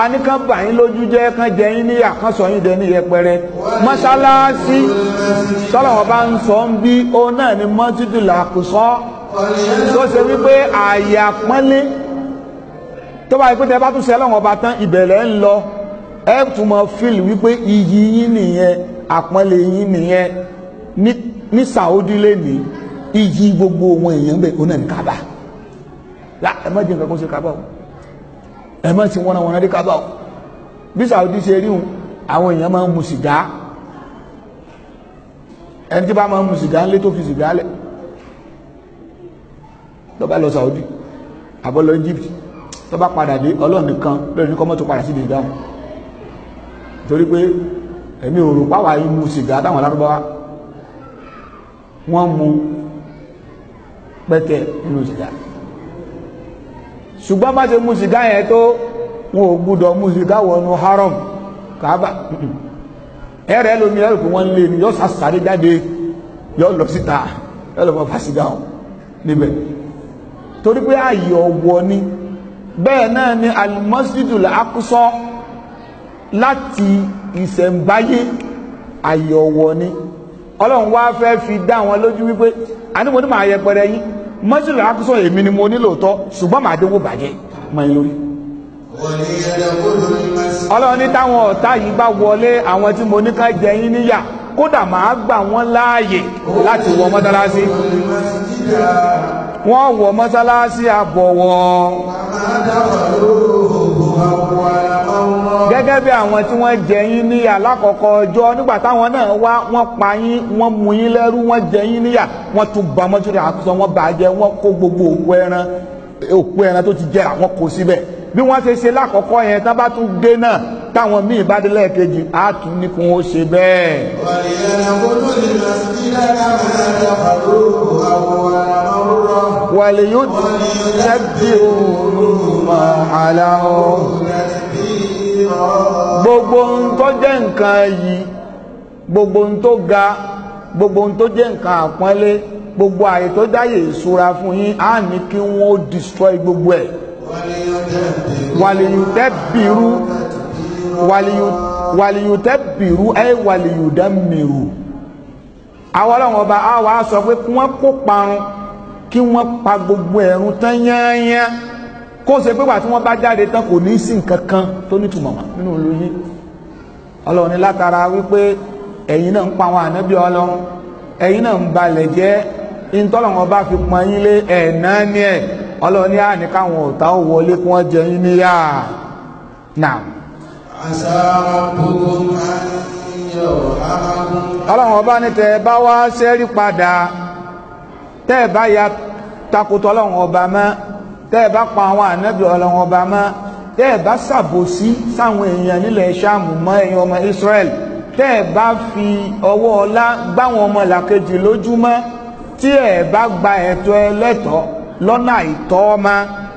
a ní kán bà yín lójú jẹ́ kán jẹ yín níyà kán sọ yín dẹni yẹpẹrẹ mọ́sálásí tọ́lọ̀wọ́ bá ń sọ ń bí ó náà ni mọ́sídùlà kò sọ tó ṣe wípé àyà pọ́nlé tó bá ipé tẹ́ bá tún ṣe lọ́wọ́ bá tán ìbẹ̀lẹ̀ ń lọ ẹ tún mọ fíìlì wípé iyì yín nìyẹn àpọ́nlé yín nìyẹn ní Saudi lẹ́ni iyì gbogbo ohun èèyàn bẹ́ẹ̀ ó náà ní kábà ẹ má jẹ́ nǹkan kan ṣe kábà o ẹ má sì wọ́nà wọ́nà rí kábà o bí Saudi ṣe rí hun àwọn èèyàn máa ń mu sìgá ẹni tí bá máa ń mu sìgá ńlé tó fi sìgá lẹ̀ tó bá lọ Saudi àbọ̀ lọ Egypt tó bá padà dé Ọlọ́run nìkan lórí kọ́mọ́ tó padà síbi ìdáhùn torí pé ẹ̀mí òrò páwà yìí mu sìgá táwọn lárúbáwá wọ́n mu pẹ́tẹ́ nínú sìgá ṣùgbọ́n má ṣe mú sìgá yẹn tó wọn ò gbúdọ̀ mú sìgá wọnú haram kàábà ẹ̀rẹ́ lómi ẹ̀rọ pé wọ́n lé ní yọ sàṣàrí jáde yọ lọ síta yọ lọ bá sìgá wọn níbẹ̀ torí pé ààyè ọ̀wọ̀ ni bẹ́ẹ̀ náà ni alimọ́sídù làákúsọ́ láti ìṣẹ̀ǹbáyé ààyè ọ̀wọ̀ ni ọlọ́run wá fẹ́ fi dá wọn lójú wípé ànímọ́ ní màá yẹpẹrẹ yín mọ́sílẹ̀ akúsọ èmi ni mo nílò tọ́ ṣùgbọ́n màá dówó bàjẹ́ mọ́ ẹ lórí ọlọ́run ní táwọn ọ̀tá yìí bá wọlé àwọn tí mo ní ká jẹ yín níyà kódà máa gbà wọ́n láàyè láti wọ mọ́sálásí wọ́n wọ mọ́sálásí àbọ̀wọ̀ gẹ́gẹ́ bí àwọn tí wọ́n jẹ yín níyà lákọ̀ọ́kọ́ ọjọ́ nígbà táwọn náà wá wọ́n pa yín wọ́n mú yín lẹ́rú wọ́n jẹ yín níyà wọ́n tún ba mọ́tòrì àkùsọ wọ́n bà wọ́n kó gbogbo òkú ẹran òkú ẹran tó ti jẹ àwọn kò síbẹ̀ bí wọ́n ṣe ṣe lákọ̀ọ́kọ́ yẹn tán bá tún dé náà táwọn míì bá dé lẹ́ẹ̀kejì á tún ní kí wọ́n ṣe bẹ́ẹ̀. wàlẹ̀ yóò tẹ́bí òun máa àlàó gbogbo ń tó jẹ́ nǹkan yìí gbogbo ń tó ga gbogbo ń tó jẹ́ nǹkan àpọ́nlé gbogbo àyè tó dáyè ìṣúra fún yín á ní kí wọ́n destroy gbogbo ẹ̀ wàlìyù tẹ́ bìrú wàlìyù tẹ́ bìrú ẹ̀ wàlìyù dẹ́ mìrù àwọn ọlọ́run ọba á wàá sọ pé kí wọ́n kó parun kí wọ́n pa gbogbo ẹ̀rùn tán yányán kó ṣe pé wà tí wọ́n bá jáde tán kò ní sí nǹkan kan tó nítumọ̀ nínú olóyún ọlọ́run ni látara wípé ẹ̀yin náà ń pa àwọn ànábì ọlọ́run ẹ̀yin náà ń balẹ̀ jẹ́ ìtọ́lọ̀wọ́n bá fi pọn yín lé ẹ̀ẹ̀ná ní ẹ̀ ọlọ́run ní àní káwọn ọ̀tá ò wọlé kí wọ́n jẹ yín níyà náà. àṣà gbogbo máa ń yọ ààrùn. ọlọ́run ọba ní tẹ bá wá ṣẹ́rí padà tẹ́ ẹ̀ bá ya takotọ́ ọlọ́run ọba mọ́ tẹ́ ẹ bá pa àwọn ànábì ọlọ́wọ́n ọba mọ́ tẹ́ ẹ bá ṣàbòsí sáwọn èèyàn nílẹ̀ ṣáàmù mọ́ ẹ̀yin ọmọ Israel tẹ́ ẹ bá fi ọwọ́ ọlá gbáwọn ọmọ làkejì lójúmọ́ tí ẹ bá gba ẹ̀tọ́ ẹlẹ́tọ̀ọ́ lọ́nà àìtọ́ ọmọ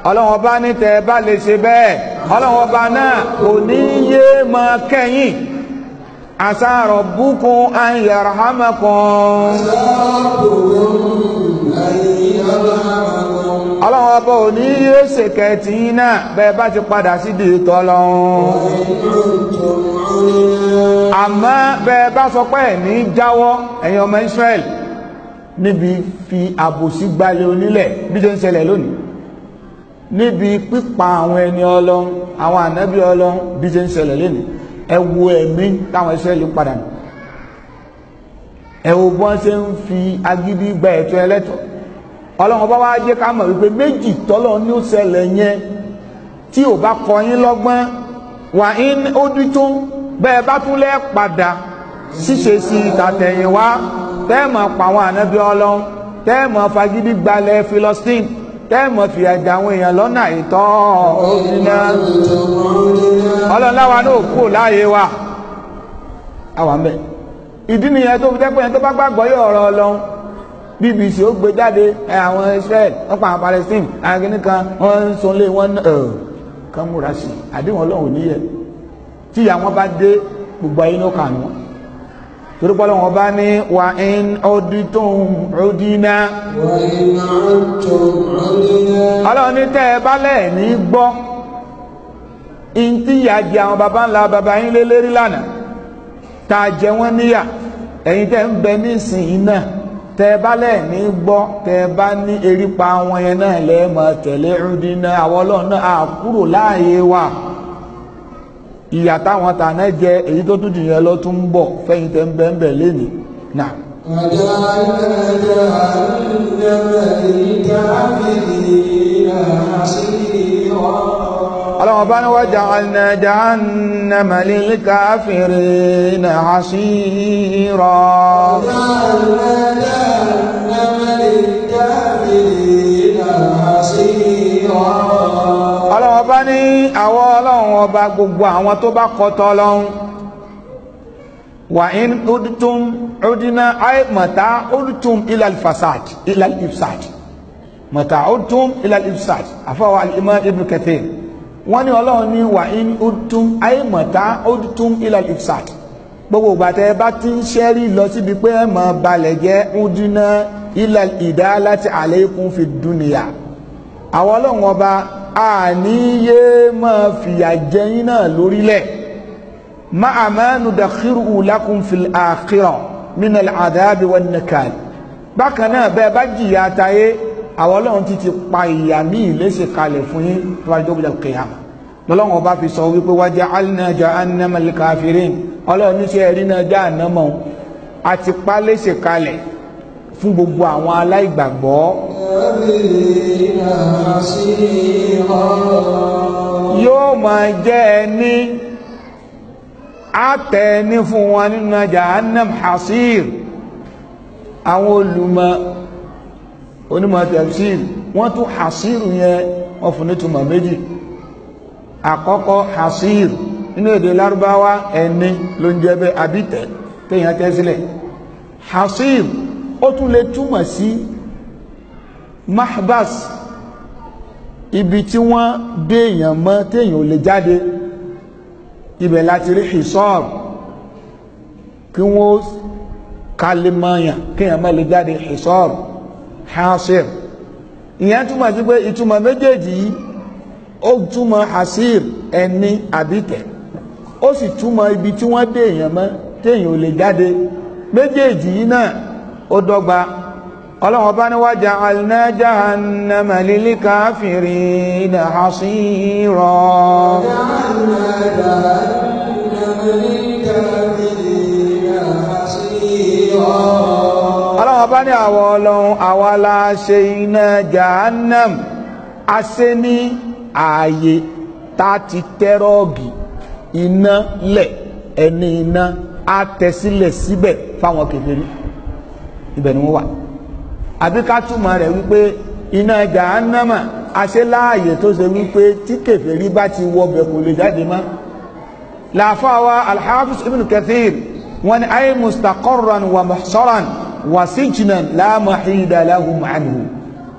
ọlọ́wọ́n ọba ní tẹ́ ẹ bá lè ṣe bẹ́ẹ̀ ọlọ́wọ́n ọba náà kò ní yé mọ kẹ́yìn àṣà rọ̀bùkún àyàrá hàmẹ́kùn. àṣà rọ̀bùkún àyàrá hàmẹ́kùn ọlọ́run ọba ò ní yóò ṣe kẹtì yín náà bẹ́ẹ̀ bá ti padà sídìí tọ́lọ́run àmọ́ bẹ́ẹ̀ bá sọ pé ẹ̀mí jáwọ́ ẹ̀yin ọmọ Israel níbi fi àbòsí gbalẹ̀ onílẹ̀ bí ṣe ń ṣẹlẹ̀ lónìí níbi pípa àwọn ẹni ọlọ́run àwọn ànábì ọlọ́run bí ṣe ń ṣẹlẹ̀ lónìí ẹ wo ẹ̀mí táwọn Israel padà nù ẹ wo bọ́n ṣe ń fi agídí gba ẹ̀tọ́ ẹlẹ́tọ̀ọ́ ọlọ́run bá wá jẹ́ ká mọ̀ wípé méjì tọ́lọ́ ní ó ṣẹlẹ̀ yẹn tí ò bá kọ yín lọ́gbọ́n wà ń ó dí tó bẹ́ẹ̀ bá tún lẹ́ padà ṣíṣe sí ìtàtẹ̀yìnwá tẹ́ẹ̀mọ̀ pàwọn ànábí ọlọ́run tẹ́ẹ̀mọ̀ fagídí gbalẹ̀ philistine tẹ́ẹ̀mọ̀ fìyàjà àwọn èèyàn lọ́nà ìtọ́ òmìnira ọlọ́láwa náà kúrò láàyè wa àwọn bẹ́ẹ̀ ìdí nìyẹn tó fi jẹ́ pé tó bá gbàgbọ́ yọ̀ ọ̀rọ̀ ọlọ́run bbc ó gbé jáde àwọn israel wọ́n pa àwọn palestine àgbẹ̀ni kan wọ́n ń sunlé wọ́n ń kan múra sí àdéhùn ọlọ́run níyẹ tí àwọn bá dé gbogbo ayé ló kà wọ́n torí pọ́lọ́ wọn bá ní wà ń ọdún tó ń rúdínà ọlọ́run ní tẹ́ ẹ bá lẹ́ẹ̀ ní gbọ́ in tí ìyà jẹ àwọn baba ńlá baba yín lé lérí lánàá tá a jẹ wọ́n níyà ẹ̀yin tẹ́ ń bẹ nísìnyí náà tẹ bá lẹ́ẹ̀ní gbọ́ tẹ bá ní erípa wọn yẹn náà lẹ́ẹ̀mọ tẹ̀lé ọdínà àwọn ọlọ́run náà á kúrò láàyè wa ìyà táwọn tàná jẹ èyí tó tún jìyàn lọ tún ń bọ̀ fẹ́yìn tẹ́ ń bẹ́ ń bẹ̀ lénìí náà. àjọ àjọ àjọ àjọ àjọ ọlọ́wọ́n bá ní wọ́n ja'alna jahannama lil kafirina hasira ọlọ́wọ́n bá ní àwọn ọlọ́wọ́n ọba gbogbo àwọn tó bá kọtọ lọ́hun wà in udtum udina ay mata udtum ila al-fasad ila al-ifsad mata udtum ila al-ifsad afawa al-imam wọ́n ní ọlọ́run ní wà in udtum àìmọ̀tá udtum ilal ifsad gbogbo ìgbàtẹ́ bá ti ń ṣẹ́rí lọ síbi pé ẹ mọ̀ balẹ̀ jẹ́ udina ilal idalati alaykum fi dunya àwọn ọlọ́run ọba àníyé mọ̀ fìyà jẹyìn náà lórílẹ̀ ma amanu dakhiru lakum fil akhirah minal adabi wan nakal bákan náà bẹ́ẹ̀ bá jìyà tayé àwọn ọlọ́run ti ti pa ìyà míì léṣe kalẹ̀ fún yín tó bá jókòó jẹ́ kìyàmù lọ́lọ́run ọba fi sọ wípé wa ja'alna jahannama lil kafirin ọlọ́run ní sẹ́ ẹ̀rí náà jahannama a ti pa léṣe kalẹ̀ fún gbogbo àwọn aláìgbàgbọ́. yóò máa jẹ́ ẹni àtẹni fún wọn nínú jahannam hasir àwọn olùmọ̀ onímọ̀ tẹ̀síìrì wọ́n tún hasir yẹn wọ́n fún nítumọ̀ méjì àkọ́kọ́ hasir nínú èdè lárúbáwá ẹni ló ń jẹ́ bẹ́ abítẹ̀ téèyàn tẹ́ sílẹ̀ hasir ó tún lè túmọ̀ sí mahbas ibi tí wọ́n déèyàn mọ́ téèyàn ò lè jáde ibẹ̀ láti rí hisor kí wọ́n kalẹ̀ mọ́yàn kéèyàn má lè jáde hisor hasir ìyẹn túmọ̀ sí pé ìtumọ̀ méjèèjì yìí ó túmọ̀ hasir ẹni àbítẹ̀ ó sì túmọ̀ ibi tí wọ́n dé èèyàn mọ́ téèyàn ò lè jáde méjèèjì yìí náà ó dọ́gba ọlọ́run bá ní wá ja'alna jahannama lil ọba ní àwọn ọlọ́run àwa la ṣe iná jahannam a ṣe ní ààyè tá a ti tẹ́rọ̀ọ̀gì iná lẹ̀ ẹni iná á tẹ́ sílẹ̀ síbẹ̀ fáwọn kèfèrí ibẹ̀ ni wọ́n wà àbí ká túmọ̀ rẹ̀ wípé iná jahannama a ṣe láàyè tó ṣe wípé tí kèfèrí bá ti wọbẹ̀ kò lè jáde mọ́ làáfàá wa alhafiz wọn ni ayé mustaqarran wa mahsaran wàsíjìnà láàmà ìdàláhùn ànú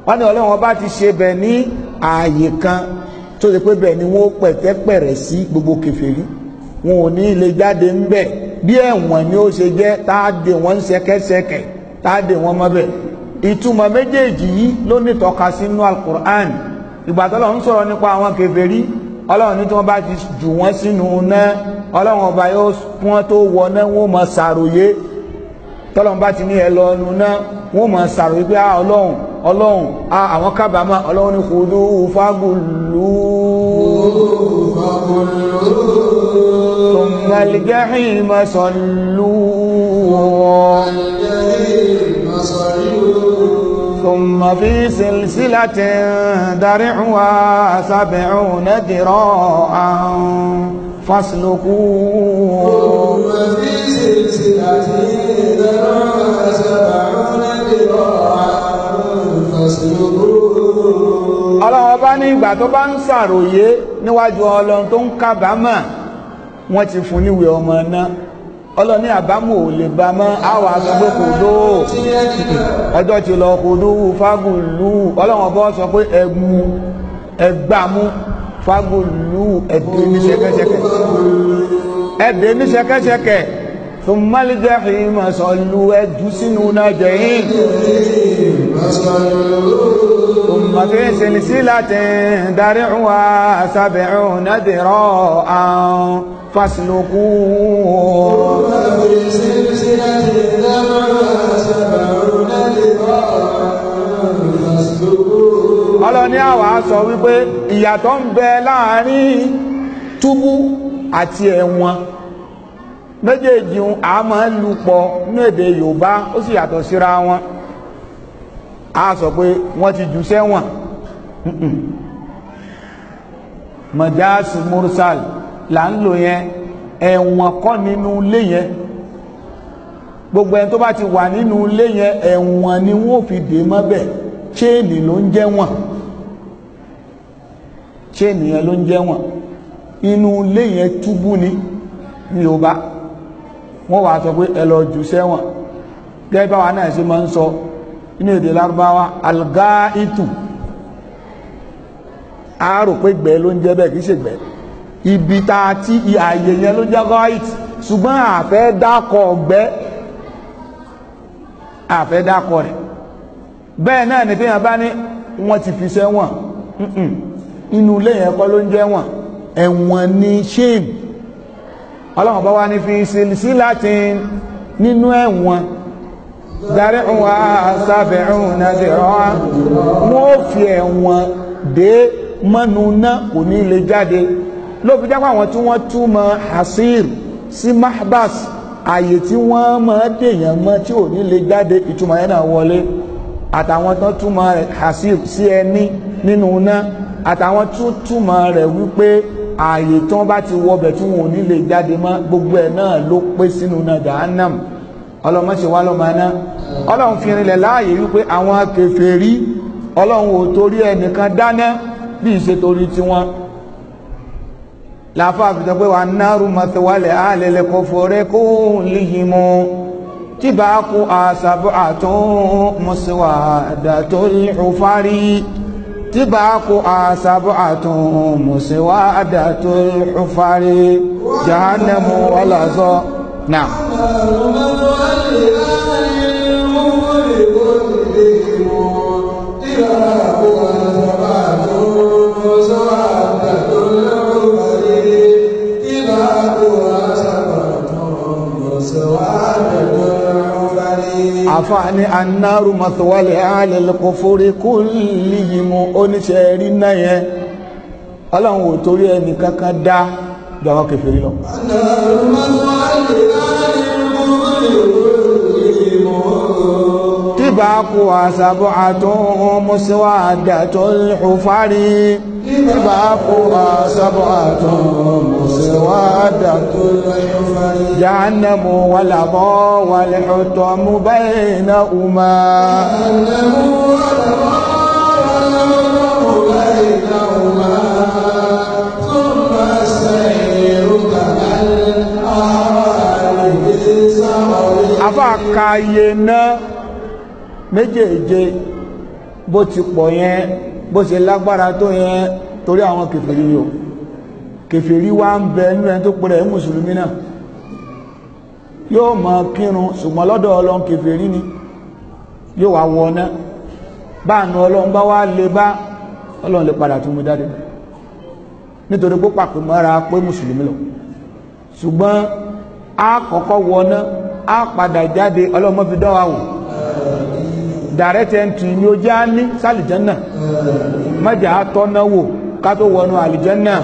wọ́n ní ọlọ́run ọba ti ṣe bẹ̀ ní ààyè kan tó ṣe pé bẹ̀ ni wọ́n pẹ̀tẹ́pẹ̀rẹ̀ sí gbogbo kèfèrí wọn ò ní ilé jáde ń bẹ̀ bí ẹ̀wọ̀n ni ó ṣe jẹ́ táàdé wọn ṣẹkẹ́ṣẹkẹ̀ táàdé wọn mọ́bẹ̀ ìtumọ̀ méjèèjì yìí ló ní tọ́ka sínú alukur'an ìgbà tó lọ́n ń sọ̀rọ̀ nípa àwọn kèfèrí ọlọ́run ní tí wọ́n bá ti jù wọ́n sínú náà ọlọ́run ọba yóò pọ́n tó wọ náà wọ́n mọ̀ ṣàròyé tọ́lọ́n bá ti ní ẹ lọ nu náà wọ́n mọ̀ sàrò wípé a ah, ọlọ́run ọlọ́run a ah, àwọn kábàámà ọlọ́run ní kòdó fagolú ọ̀gbàlgẹ́rì masalú ثم في سلسلة درعها سبعون ذراعا فاسلكوه ثم في سلسلة ọlọ́wọ́ bá ní ìgbà tó bá ń sàròyé níwájú ọlọ́run tó ń kábàámà wọ́n ti fún níwẹ̀ ọmọ náà ọlọ́ni àbámọ̀ ò lè bá mọ́ àwọn aṣọ́gbé kò dó ọjọ́ ti lọ kò dó fagùlù ọlọ́wọ́n bọ́ sọ pé ẹgbù ẹgbàmú fagùlù ẹ̀dẹ́ ní ṣẹ̀kẹ̀ṣẹ̀kẹ̀ ẹ̀dẹ́ ثم الجحيم صلوا وادسنوا نجعين ثم في سلسلة درعها سبعون ذراعا فاسلكوه ثم في سلسلة درعها سبعون ذراعا فاسلكوه ọlọ́ni àwa sọ wípé ìyàtọ̀ ń bẹ láàrin túbú àti ẹ̀wọ̀n méjèèjì a ma ń lupọ̀ ní èdè Yorùbá ó sì yàtọ̀ síra wọn a sọ pé wọ́n ti jù sẹ́wọ̀n mọ̀jáàsì mursal là ń lò yẹn ẹ̀wọ̀n kọ́ nínú ilé yẹn gbogbo ẹni tó bá ti wà nínú ilé yẹn ẹ̀wọ̀n ni wọ́n fi dè mọ́bẹ̀ chéènì ló ń jẹ́ wọ̀n chéènì yẹn ló ń wọ́n wàá sọ pé ẹ lọ jù sẹ́wọ̀n gẹ́gẹ́ báwa náà ṣe máa ń sọ nínú èdè lárúbáwá algaitu a rò pé gbẹ ló ń jẹ́ bẹ́ẹ̀ kì í ṣe gbẹ ibi tá a ti ààyè yẹn ló jẹ́ gait ṣùgbọ́n àfẹ́ dákọ̀ gbẹ àfẹ́ dákọ̀ rẹ̀ bẹ́ẹ̀ náà ní fihàn bá ní wọ́n ti fi sẹ́wọ̀n inú ilé yẹn kọ́ ló ń jẹ́ wọ̀n ẹ̀wọ̀n ni shame ọlọ́run bá wá ní fi sí láti nínú ẹ̀wọ̀n daríhùn wa sábẹ̀rún nàdìrọ́ wọn ó fi ẹ̀wọ̀n dé mọ́nu náà kò ní lè jáde ló fi jápá àwọn tí wọ́n túmọ̀ hasir sí mahbas àyè tí wọ́n máa dèèyàn mọ́ tí ò ní lè jáde ìtumọ̀ yẹn náà wọlé àtàwọn tó túmọ̀ hasir sí ẹni nínú náà àtàwọn tó túmọ̀ rẹ̀ wípé ààyè tí wọ́n bá ti wọbẹ̀ tí wọn ò ní lè jáde mọ́ gbogbo ẹ̀ náà ló pé sínú náà jahannam ọlọ́mọ ṣe wá lọ́mọ aná ọlọ́run fi rinlẹ̀ láàyè wípé àwọn kèfèrí ọlọ́run ò torí ẹnìkan dáná bí ìṣe tiwọn làáfà àfihàn pé wà náàrú màtíwálẹ̀ àlẹ́lẹ̀ kò fọ́rẹ́ kó lìyìn mọ́ tí bá kú àṣàbọ̀ àtún mọ̀síwàdà tó lè tibaku asab'atun muswadatul hufari jahannamu walazo na'am Yeah. àfáà ní anáàrù mọ̀tòwálẹ̀ alẹ́lẹ́kọ̀ fórí kó lè yìmọ̀ oníṣẹ́ rí náà yẹn ọlọ́run ò torí ẹni kankan dá ju àwọn kèfèrí lọ tíbà kú àsàbọ̀ àtún mọ́síwá àdàtọ̀ lùfárí الباب سبعة مسودة جهنم والعظى والحطم بينهما جهنم والعظى بينهما ثم السير كما الأعراب بالسماء أفاكاينا méjèèje bó ti pọ̀ yẹn bó ti lágbára tó yẹn torí àwọn kèfèrí ni o kèfèrí wá ń bẹ nínú ẹni tó pẹ̀rẹ̀ mùsùlùmí náà yóò mọ kírun ṣùgbọ́n lọ́dọ̀ ọlọ́run kèfèrí ni yóò wá wọ náà báànù ọlọ́run bá wá lè bá ọlọ́run lè padà tún mú jáde nítorí pé pàpè mọ́ra pé mùsùlùmí lọ ṣùgbọ́n a kọ́kọ́ wọ náà a padà jáde ọlọ́run mọ́ fi dọ́wà wò direct entry ni ó já ní sálìjánà mọ́jà á tọ́ náà wò ká tó wọnú àlìjẹ́nà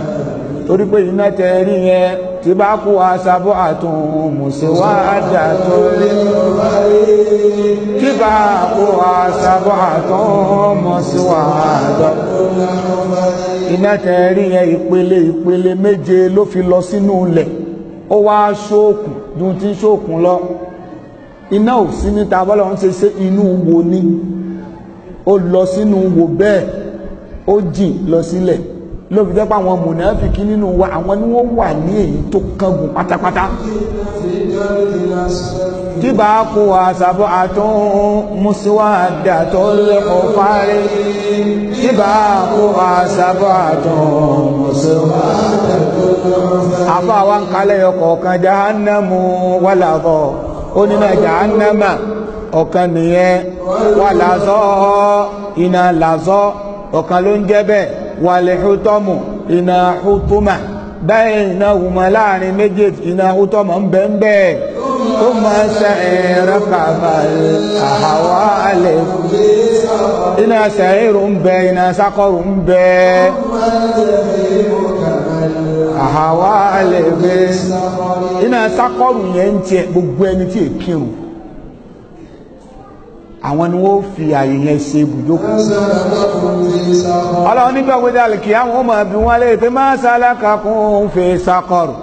torí pé iná tẹ rí yẹn tí bá kú wa sábọ́ àtún mùsùlùmá àjà tó lé tí bá kú wa sábọ́ àtún mùsùlùmá àjà iná tẹ rí yẹn ìpele ìpele méje ló fi lọ sínú ilẹ̀ ó wá ṣóòkùn dùn tí ṣóòkùn lọ iná ò sí níta bọ́lá wọn ṣe ṣe inú wo ni ó lọ sínú wo bẹ́ẹ̀ ó jìn lọ sílẹ̀ ló fi dẹ́pọ̀ àwọn mùnàfíkì nínú wa àwọn ni wọ́n wà ní èyí tó kángun pátápátá tí bá kó àṣàbọ̀ àtún mùsùlùmí tó tí bá kó àṣàbọ̀ àtún mùsùlùmí tó lẹ́kọ̀ọ́ fárí. kalẹ̀ ọkọ̀ kan jahannamu wàlàkọ̀ ó ní náà jahannama ọ̀kan nìyẹn wàlàzọ́ iná làzọ́ ọ̀kan ló ń jẹ́ bẹ́ẹ̀ wàlẹ̀hútọ́mù iná hútọ́mà báyìí iná hùmọ̀ láàrin méjèèjì iná hútọ́mà ń bẹ́ ń bẹ́ẹ̀ ó máa ṣàìrọ̀ kàmà àhàwà alẹ̀ iná ṣàìrò ń bẹ iná sákọ̀rò ń bẹ àhàwà alẹ̀ iná sákọ̀rò yẹn ń tiẹ̀ gbogbo ẹni tí èkìrù àwọn ni wọ́n fi àyè yẹn ṣe ibùjókòó. ọlọ́run nígbà wo dá lè kí àwọn ọmọ ẹbí wọn lè fi máa sálákà kún fi sakọrù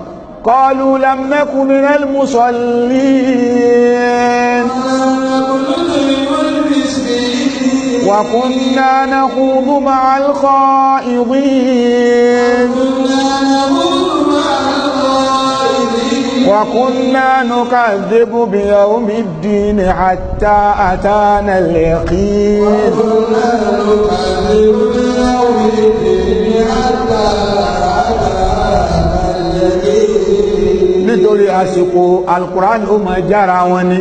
kọlu lamẹ́kùn mi rẹ́ mùsọ̀lì. وكنا نخوض مع الخائضين وكنا نكذب بيوم الدين حتى أتانا اليقين وكنا نكذب بيوم الدين حتى أتانا اليقين nítorí àsìkò alukur'an ó máa jára wọn ni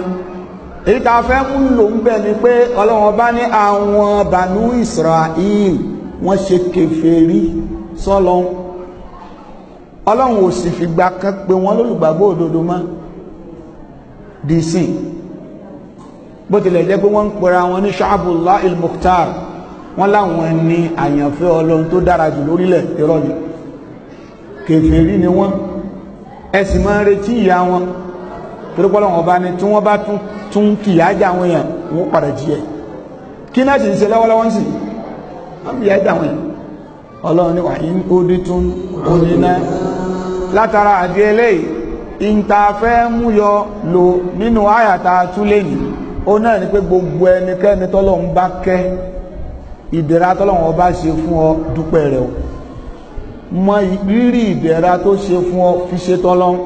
èyí fẹ́ mú lò ń bẹ̀ ni pé ọlọ́wọ́n bá ní àwọn bànú Israel wọ́n ṣe kèfèrí sọ́lọ́hún ọlọ́run ò sì fìgbà kan pé wọ́n lólùgbàgbọ́ òdodo mọ́ di sin bó tilẹ̀ jẹ́ pé wọ́n ń pera wọn ní ṣáàbùlá ilmukhtar wọ́n láwọn ní àyànfẹ́ ọlọ́run tó dára jù lórílẹ̀ irọ́ ni kèfèrí ni wọ́n ẹ sì máa ń retí ìyà wọn torí pé ọlọ́run ọba tí wọ́n bá tún kìyà jà wọn yẹn wọ́n padà jìyà kí náà sì ń ṣe lọ́wọ́lọ́wọ́ ń sì wọ́n kìyà jà wọn yẹn ọlọ́run ni wà ní odi tún oníná látara àdí eléyìí ìntàfẹ́ múyọ lò nínú àyàtà túlé yìí ó náà ni pé gbogbo ẹnikẹ́ni tọ́lọ́hun bá kẹ́ ìdẹ̀ra tọ́lọ́hun ọba ṣe fún ọ dúpẹ́ rẹ̀ o mọ rírì ìdẹ̀ra tó ṣe fún ọ fi ṣe tọ́lọ́hun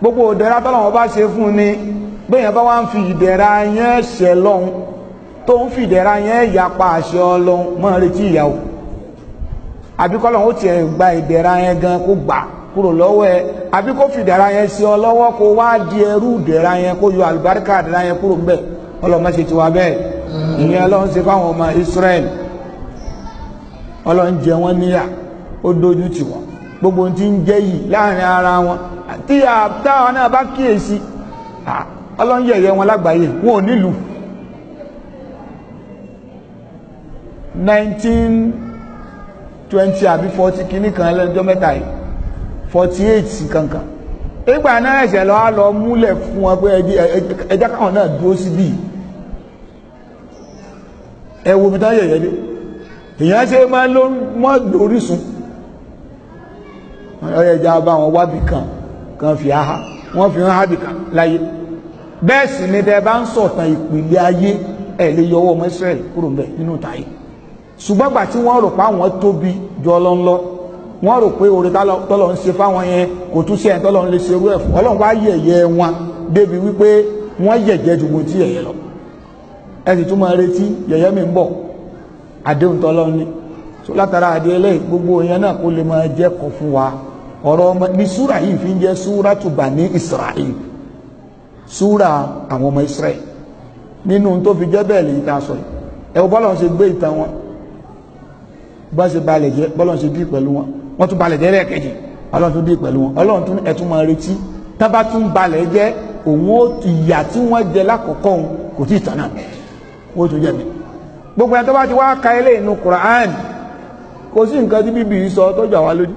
gbogbo ìdẹ̀ra tọ́lọ́hun ọba ṣe fún ni bẹ́yàn bá wá ń fi ìdẹ̀ra yẹn ṣẹ̀ lọ́hun tó ń fi ìdẹ̀ra yẹn yapa àṣẹ ọlọ́hun mọ́ retí ìyàwó àbíkọ́lọ́hun ó tiẹ̀ gba ìdẹ̀ra yẹn gan kó gbàá kúrò lọ́wọ́ ẹ àbí kó fi dara yẹn sí ọ lọ́wọ́ kó wá di ẹrú yẹn kó yọ àlùbáríkà dara yẹn kúrò ọlọmọ ṣe ti wá bẹ́ẹ̀ ìyẹn ọlọ́run ṣe fáwọn ọmọ Israel ọlọ́run jẹ wọ́n níyà ó dojú gbogbo ohun ń jẹ́ yìí láàrin ara wọn tí náà bá kíyèsí yẹ̀yẹ́ wọn lágbàáyé wọn ò nílùú 1920 àbí 40 kìíní kan mẹ́ta yìí forty eight kankan ìgbà náà ẹ̀ṣẹ̀ lọ́ lọ múlẹ̀ fún wọn pé ẹjẹ́ káwọn náà dúró síbí ẹ wo mi táyẹ̀ yẹ́ dé èèyàn ṣe máa ló mọ́ lórísun ẹja bá wọn wábì kan kan fi áhá wọ́n fi ń hábì kan láyé bẹ́ẹ̀ sì ni tẹ́ bá ń sọ̀tàn ìpìlẹ̀ ayé ẹ̀ lè yọwọ́ ọmọ Ísírẹ́lì kúrò ń bẹ̀ nínú tàyè ṣùgbọ́n gbà tí pa àwọn tóbi jọ wọ́n rò pé oore tọ́lọ̀ ń ṣe fáwọn yẹn kò tún sí ẹ̀ tọ́lọ̀ ń lè ṣerú ẹ̀ fún ọlọ́run wá yẹ̀yẹ́ wọn débi wípé wọ́n yẹ̀jẹ́ ju mo ti yẹ̀yẹ́ lọ ẹ sì tún máa retí yẹ̀yẹ́ mi ń bọ̀ àdéhùn tọ́lọ̀ ní so látara àdé eléyìí gbogbo yẹn náà kó lè máa jẹ́ kọ́ fún wa ọ̀rọ̀ ọmọ ní súrà yìí fi ń jẹ́ súrà tó bà ní Israel súrà àwọn ọmọ Israel nínú tó fi jẹ́ bẹ́ẹ̀ lè yí ta sọ yìí ẹ̀ bọ́lọ̀ ṣe gbé ìtàn wọn bá ṣe balẹ̀ jẹ́ bọ́lọ̀ ṣe bí pẹ̀lú wọn wọ́n tún balẹ̀ jẹ́ lẹ́ẹ̀kejì ọlọ́run tún dé pẹ̀lú wọn ọlọ́run tún ẹ̀tún máa retí tábà tún balẹ̀ jẹ́ òun ó ìyà tí wọ́n jẹ lákọ̀ọ́kọ́ òun kò tí ì tán náà ó tún jẹ̀bi gbogbo ẹ̀ tó bá ti wá ka ilé inú Quran kò sí nǹkan tí bíbí sọ tó jà wá lójú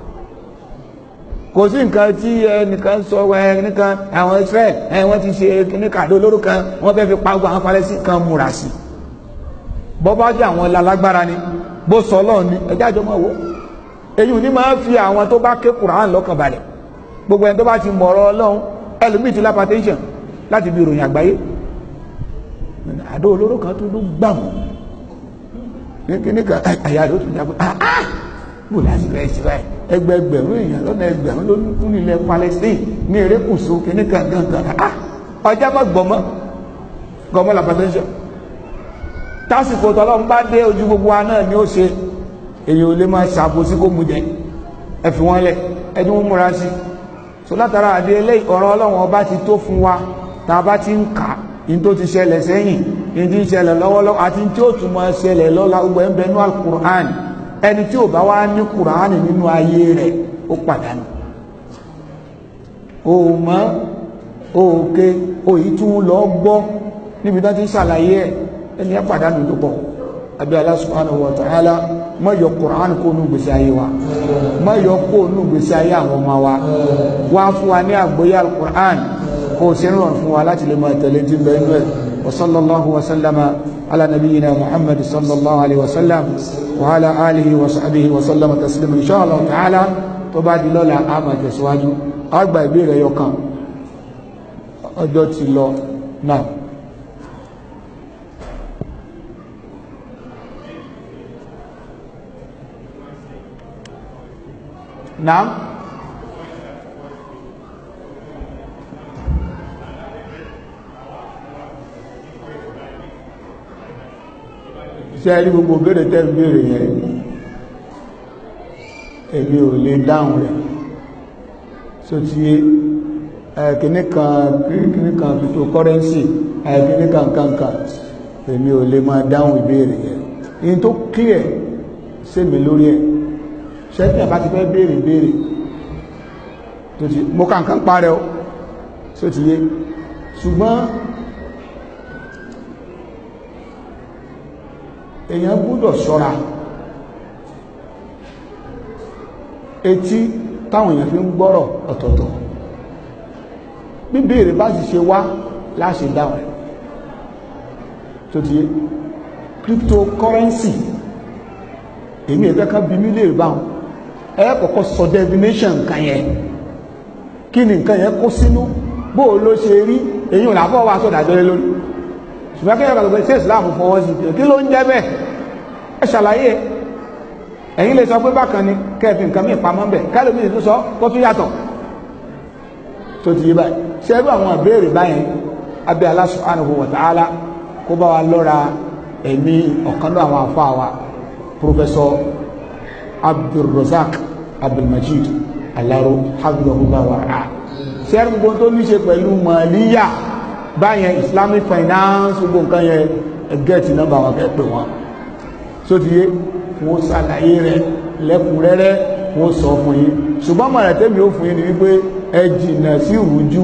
kò sí nǹkan tí ẹnìkan sọ ẹnìkan àwọn Israel ẹ wọ́n ti ṣe kíníkàdó lórúkọ wọ́n fẹ́ fi pa gbogbo àwọn falẹ́sì kan múra sí bọ́ bá àwọn lalágbára ni bó sọ ọlọ́run ni ẹjẹ́ àjọmọ́ wo èyí ò ní máa fi àwọn tó bá ké Quran lọ́kàn balẹ̀ gbogbo ẹni tó bá ti mọ̀rọ̀ Ọlọ́run ẹlòmíì ti lápá tẹ́ńṣọ̀n láti bí ìròyìn àgbáyé àdó olóró kan tó ló gbà wọ́n ní kíní kan àyà rẹ̀ ó tún jábọ̀ ah, ah! bò lásìkò Israel ẹgbẹgbẹ̀rún èèyàn lọ́nà ẹgbẹ̀rún ló kún nílẹ̀ Palestine ní erékùsù kíní kan gangan ah ọjà má gbọmọ gbọmọ lápá tẹ́ńṣọ̀n tásìkò tọ́lọ́ ń bá dé ojú gbogbo wa náà ni ó ṣe èyí ò lè máa ṣàbò sí kó mu jẹ ẹ fi wọn lẹ ẹ tí wọn múra sí so látara àdé eléyìí ọ̀rọ̀ ọlọ́run ọba ti tó fún wa tá a bá ti ń kà ní tó ti ṣẹlẹ̀ sẹ́yìn ní ti ń ṣẹlẹ̀ lọ́wọ́lọ́wọ́ àti tí ó tún máa ṣẹlẹ̀ lọ́la gbogbo ẹ̀ ń bẹ nú alukur'an ẹni tí ò bá wá ní kur'an nínú ayé rẹ̀ ó pàdánù o mọ́ òkè òyí tún lọ gbọ́ níbi tó ti ń ṣàlàyé ẹ̀ ẹni ẹ̀ pàdánù ló pọ̀ àbí Allah subhanahu wa ta'ala má yọ Qur'an kó nù gbèsè ayé wa má yọ kó nù gbèsè ayé àwọn ọmọ wa wá fún wa ní àgbóyè al-Qur'an kó o ṣe ń rọrùn fún wa láti lè máa tẹ̀lé tí ń bẹ inú ẹ̀ wa sallallahu wa sallama ala nabiyyina muhammad sallallahu alayhi wa sallam wa ala alihi wa sahbihi wa sallama taslima insha Allah ta'ala tó bá di lọ́la a máa tẹ̀síwájú a gba ìbéèrè yọkan ọjọ́ ti lọ náà. naam ṣe rí gbogbo béèrè tẹ́ béèrè yẹn èmi ò lè dáhùn rẹ̀ so ti ẹ̀kìní kan kìíní kan cryptocurrency ẹ̀kìní kan kankan èmi ò lè máa dáhùn ìbéèrè yẹn in tó clear sí mi lórí ẹ̀ sẹ́tìyàn bá ti fẹ́ béèrè béèrè tó ti mọ́ kankan parẹ́ o tó ti yé ṣùgbọ́n èyàn gbúdọ̀ ṣọ́ra etí táwọn èèyàn fi ń gbọ́rọ̀ ọ̀tọ̀ọ̀tọ̀ bíbèèrè bá sì ṣe wá láṣẹ dáwọn tó ti yé cryptocurrency èmi ẹ̀fẹ́ kan bí mílíọ̀nù báwọn ẹ kọ́kọ́ sọ definition nǹkan yẹn kí ni nǹkan yẹn kó sínú bó o ló ṣe rí èyí ò lábọ̀ wá sọ̀dà jọlé lórí ṣùgbọ́n kí ẹ kàtó pé ṣé Islam fọwọ́ sí i kí ló ń jẹ́ bẹ́ẹ̀ ẹ ṣàlàyé ẹ̀yin lè sọ pé bákan ni kẹ́ẹ̀fì nǹkan mí pamọ́ bẹ̀ kẹ́lòmí tó sọ kó tún yàtọ̀ tó ti yé báyìí ṣé ẹ bí àwọn ìbéèrè báyìí abẹ́ Allah subhanahu wa ta'ala kó Professor Abdulrozak abdulmajid alaro hafidhahullah wa a sẹ́rù gbogbo tó ní ṣe pẹ̀lú mọ̀líyà báyẹn islamic finance gbogbo nǹkan yẹn gẹ́ẹ̀tì nọ́mbà wọn kẹ́ pé wọn tó ti yé wọ́n ṣàlàyé rẹ̀ lẹ́kùnrẹ́rẹ́ wọ́n sọ fún yín ṣùgbọ́n mọ̀rẹ̀ tẹ́mi ó fún yín ni wípé ẹ jìnà sí ìrújú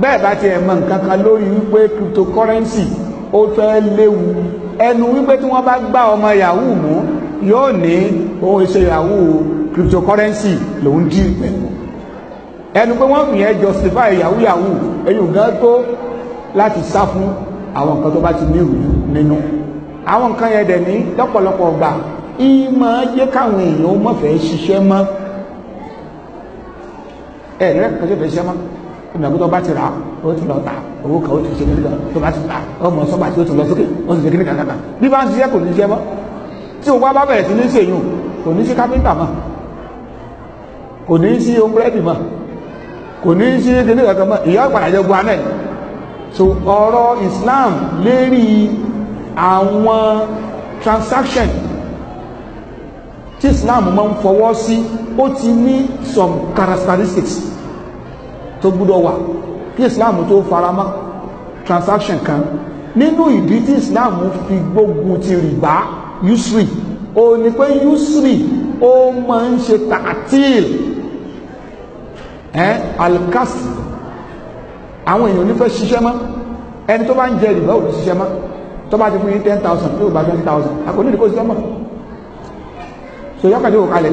bẹ́ẹ̀ bá ti ẹ̀ mọ nǹkan kan lórí wípé cryptocurrency ó fẹ́ léwu ẹnu wípé tí wọ́n bá gbá ọmọ yahoo mú yóò ní ohun ìṣe ìyàwó cryptocurrency lòún dí pẹ̀lú ẹnu pé wọ́n fìyẹn justify yahoo yahoo èyí ò gán tó láti sá fún àwọn nǹkan tó bá ti ní ìròyìn nínú àwọn nǹkan yẹn dẹ̀ ní lọ́pọ̀lọpọ̀ ọgbà ìmọ̀ jẹ́ káwọn èèyàn mọ̀fẹ́ ṣiṣẹ́ mọ́ ẹ̀ lẹ́rẹ́ kan tó fẹ́ ṣiṣẹ́ mọ́ ìgbàgbọ́ tó bá ti rà ó ti lọ tà owó kan ó ti ṣe nígbà tó bá ti tà ọmọ sọ́gbà tí ti lọ sókè ó ti ṣe kíní kankan bí bá ń ṣiṣẹ́ kò ní ṣiṣẹ́ mọ́ tí o bá bá bẹ̀rẹ̀ sí ní ṣèyún kò ní sí kápẹ́ńtà mọ́ kò ní sí ombrẹ́dì mọ́ kò ní sí kíní kankan mọ́ ìyá ìpàdà jẹ́ gbọ́n so ọ̀rọ̀ Islam lérí àwọn transaction tí Islam máa ń fọwọ́ sí ó ti ní some characteristics tó gbúdọ̀ wà kí Islam tó faramọ́ transaction kan nínú ìdí tí Islam fi gbógun ti rìbá yusri ó ní pé yusri ó máa ń ṣe tààtìl ẹ alikasi àwọn èèyàn onífẹ́ ṣiṣẹ́ mọ́ ẹni tó bá ń jẹ ìrìbá ò ṣiṣẹ́ mọ́ tó bá ti fún yín ten thousand yóò gba ten thousand àpò onídìí kò ṣiṣẹ́ mọ́ so yọkàn yóò kalẹ̀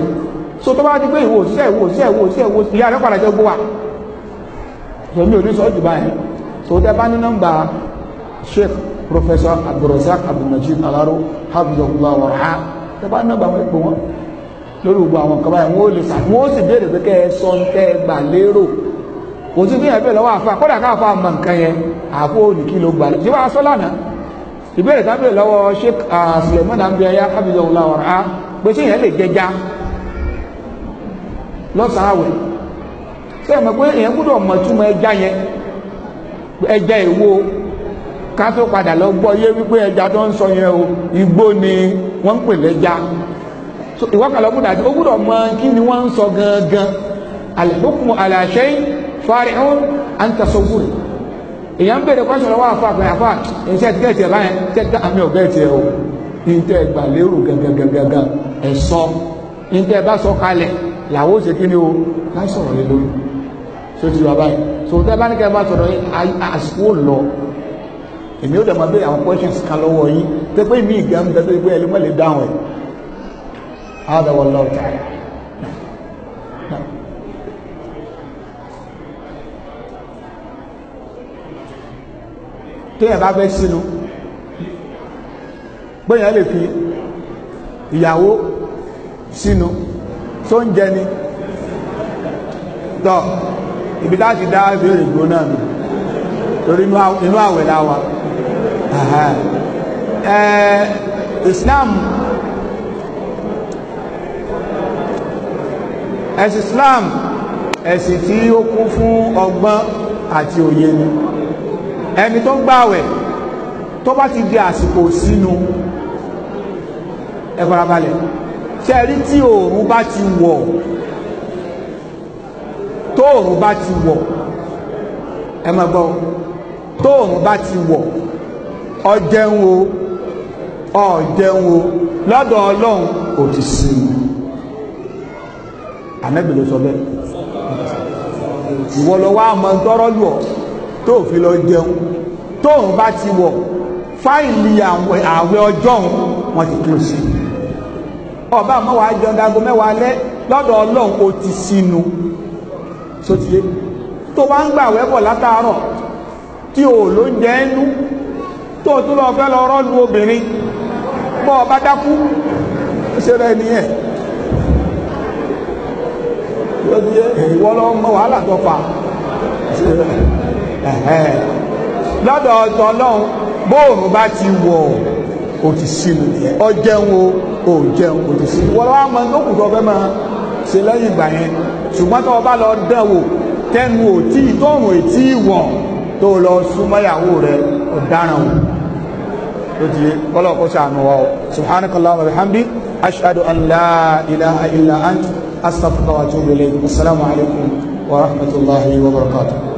so tó bá ti pé ìwò òṣìṣẹ́ ìwò òṣìṣẹ́ ìwò òṣìṣẹ́ ìwò ìyá rẹ̀ padà jẹ́ gbówà so mi ò ní sọ jù báyìí so tẹ bá ní nọ́mbà sheikh Professor Abdulrasaq Abdulmajid Alaro hafizahullah waraha tẹ́bá nọ́mbà wọn pè wọ́n lórí gbogbo àwọn nǹkan báyìí wọ́n ó lè sà wọ́n ó sì béèrè pé kẹ́ ẹ sọ ń tẹ́ ẹ gbà lérò kò sí bí ẹ̀bẹ̀ lọ́wọ́ àfa kódà káfa mọ nǹkan yẹn àfọ òní ló gbà lérò yíwá aṣọ lánàá ìbéèrè ká béèrè lọ́wọ́ Sheikh Suleiman Anbiyaya hafizahullah waraha pé ṣé yẹn lè jẹja lọ́sàn-án àwẹ̀ ṣé ẹ mọ̀ pé èèyàn gbọ́dọ̀ mọ̀ kátó padà lọ gbọ́ yé wípé ẹja tó ń sọ yẹn o igbó ni wọ́n ń pè lẹ́ja ìwọ́kàlọ́ gbọ́dọ̀ àti ó mọ kí ni wọ́n ń sọ gangan alhukmu ala shay farihun an tasawwur èèyàn bèrè kọ́sọ̀ lọ́wọ́ àfa àpẹ àfa iṣẹ́ ti gẹ̀ẹ́tì ẹ̀ báyẹn tẹ́tẹ́ àmì ọ̀gá ẹ̀tì ẹ̀ o ìtẹ́ ẹ̀gbà lérò gangan ẹ̀sọ́ ìtẹ́ ẹ̀ bá sọ kalẹ̀ làwọn òṣè kí ni o láì sọ̀rọ̀ lé lórí so ti wà báyìí so tẹ́ bá ní kẹ́ bá sọ̀rọ̀ àsìkò lọ èmi ó dẹ̀ máa béèrè àwọn questions kan lọ́wọ́ yín tó pé mi ìgbà ń bẹ tó pé ẹlẹ́mọ̀ lè dáhùn ẹ̀ ádáwọ̀ lọ́ọ̀tà. téèyàn bá fẹ́ sínú gbẹ̀yàn lè fi ìyàwó sínú tó ń jẹni tọ́ ibi láti dá ìbéèrè gbóná mi torí inú àwẹ̀ la wà islam ẹ̀sìn islam ẹ̀sìn tí ó kún fún ọgbọ́n àti òye ni ẹni tó ń gbààwẹ̀ tó bá ti di àsìkò sínú ẹ farabalẹ̀ ṣẹ́rí tí oòrùn bá ti wọ̀ tóòrùn bá ti wọ̀ ẹ máa gbọ́ tóòrùn bá ti wọ̀ ọjẹun o ọjẹun o lọ́dọ̀ Ọlọ́run kò ti sin Ànábì ló sọ bẹ́ẹ̀ ìwọ lọ wá mọ tọrọ lù ọ tó fi lọ jẹun tóun bá ti wọ fáìlì àwẹ̀ ọjọ́ òun wọn ti kúrò sí ọba àmọ́ wàá jẹun dago mẹ́wàá lẹ́ lọ́dọ̀ Ọlọ́run o ti sinu sotie tó bá ń gbàwẹ̀ bọ̀ látàárọ̀ tí o ló jẹ ẹnu tó o tún lọ fẹ́ lọ rọ́ọ̀lù obìnrin bọ́ ọ bá dákú ṣe rẹ nìyẹn ìwọ lọ mọ wàhálà tó fà lọ́dọ̀ ọ̀tọ̀ ọlọ́run bóòrùn bá ti wọ̀ o ti sínú nìyẹn ọ jẹun o ò jẹun o ti sínú wọ́n lọ́wọ́ mọ lókùn tó máa ṣe lẹ́yìn ìgbà yẹn ṣùgbọ́n tó o bá lọ dán wò tẹnu ò tí tóòrùn ètí ìwọ̀n tó lọ súnmọ́ ìyàwó rẹ ọ̀daràn o ó ti kọ́lọ́kọ́ sànù wa o subhanakallahu wa bihamdi ashhadu an la ilaha illa ant astaghfiruka wa atubu ilayk assalamu alaikum wa rahmatullahi wa barakatuh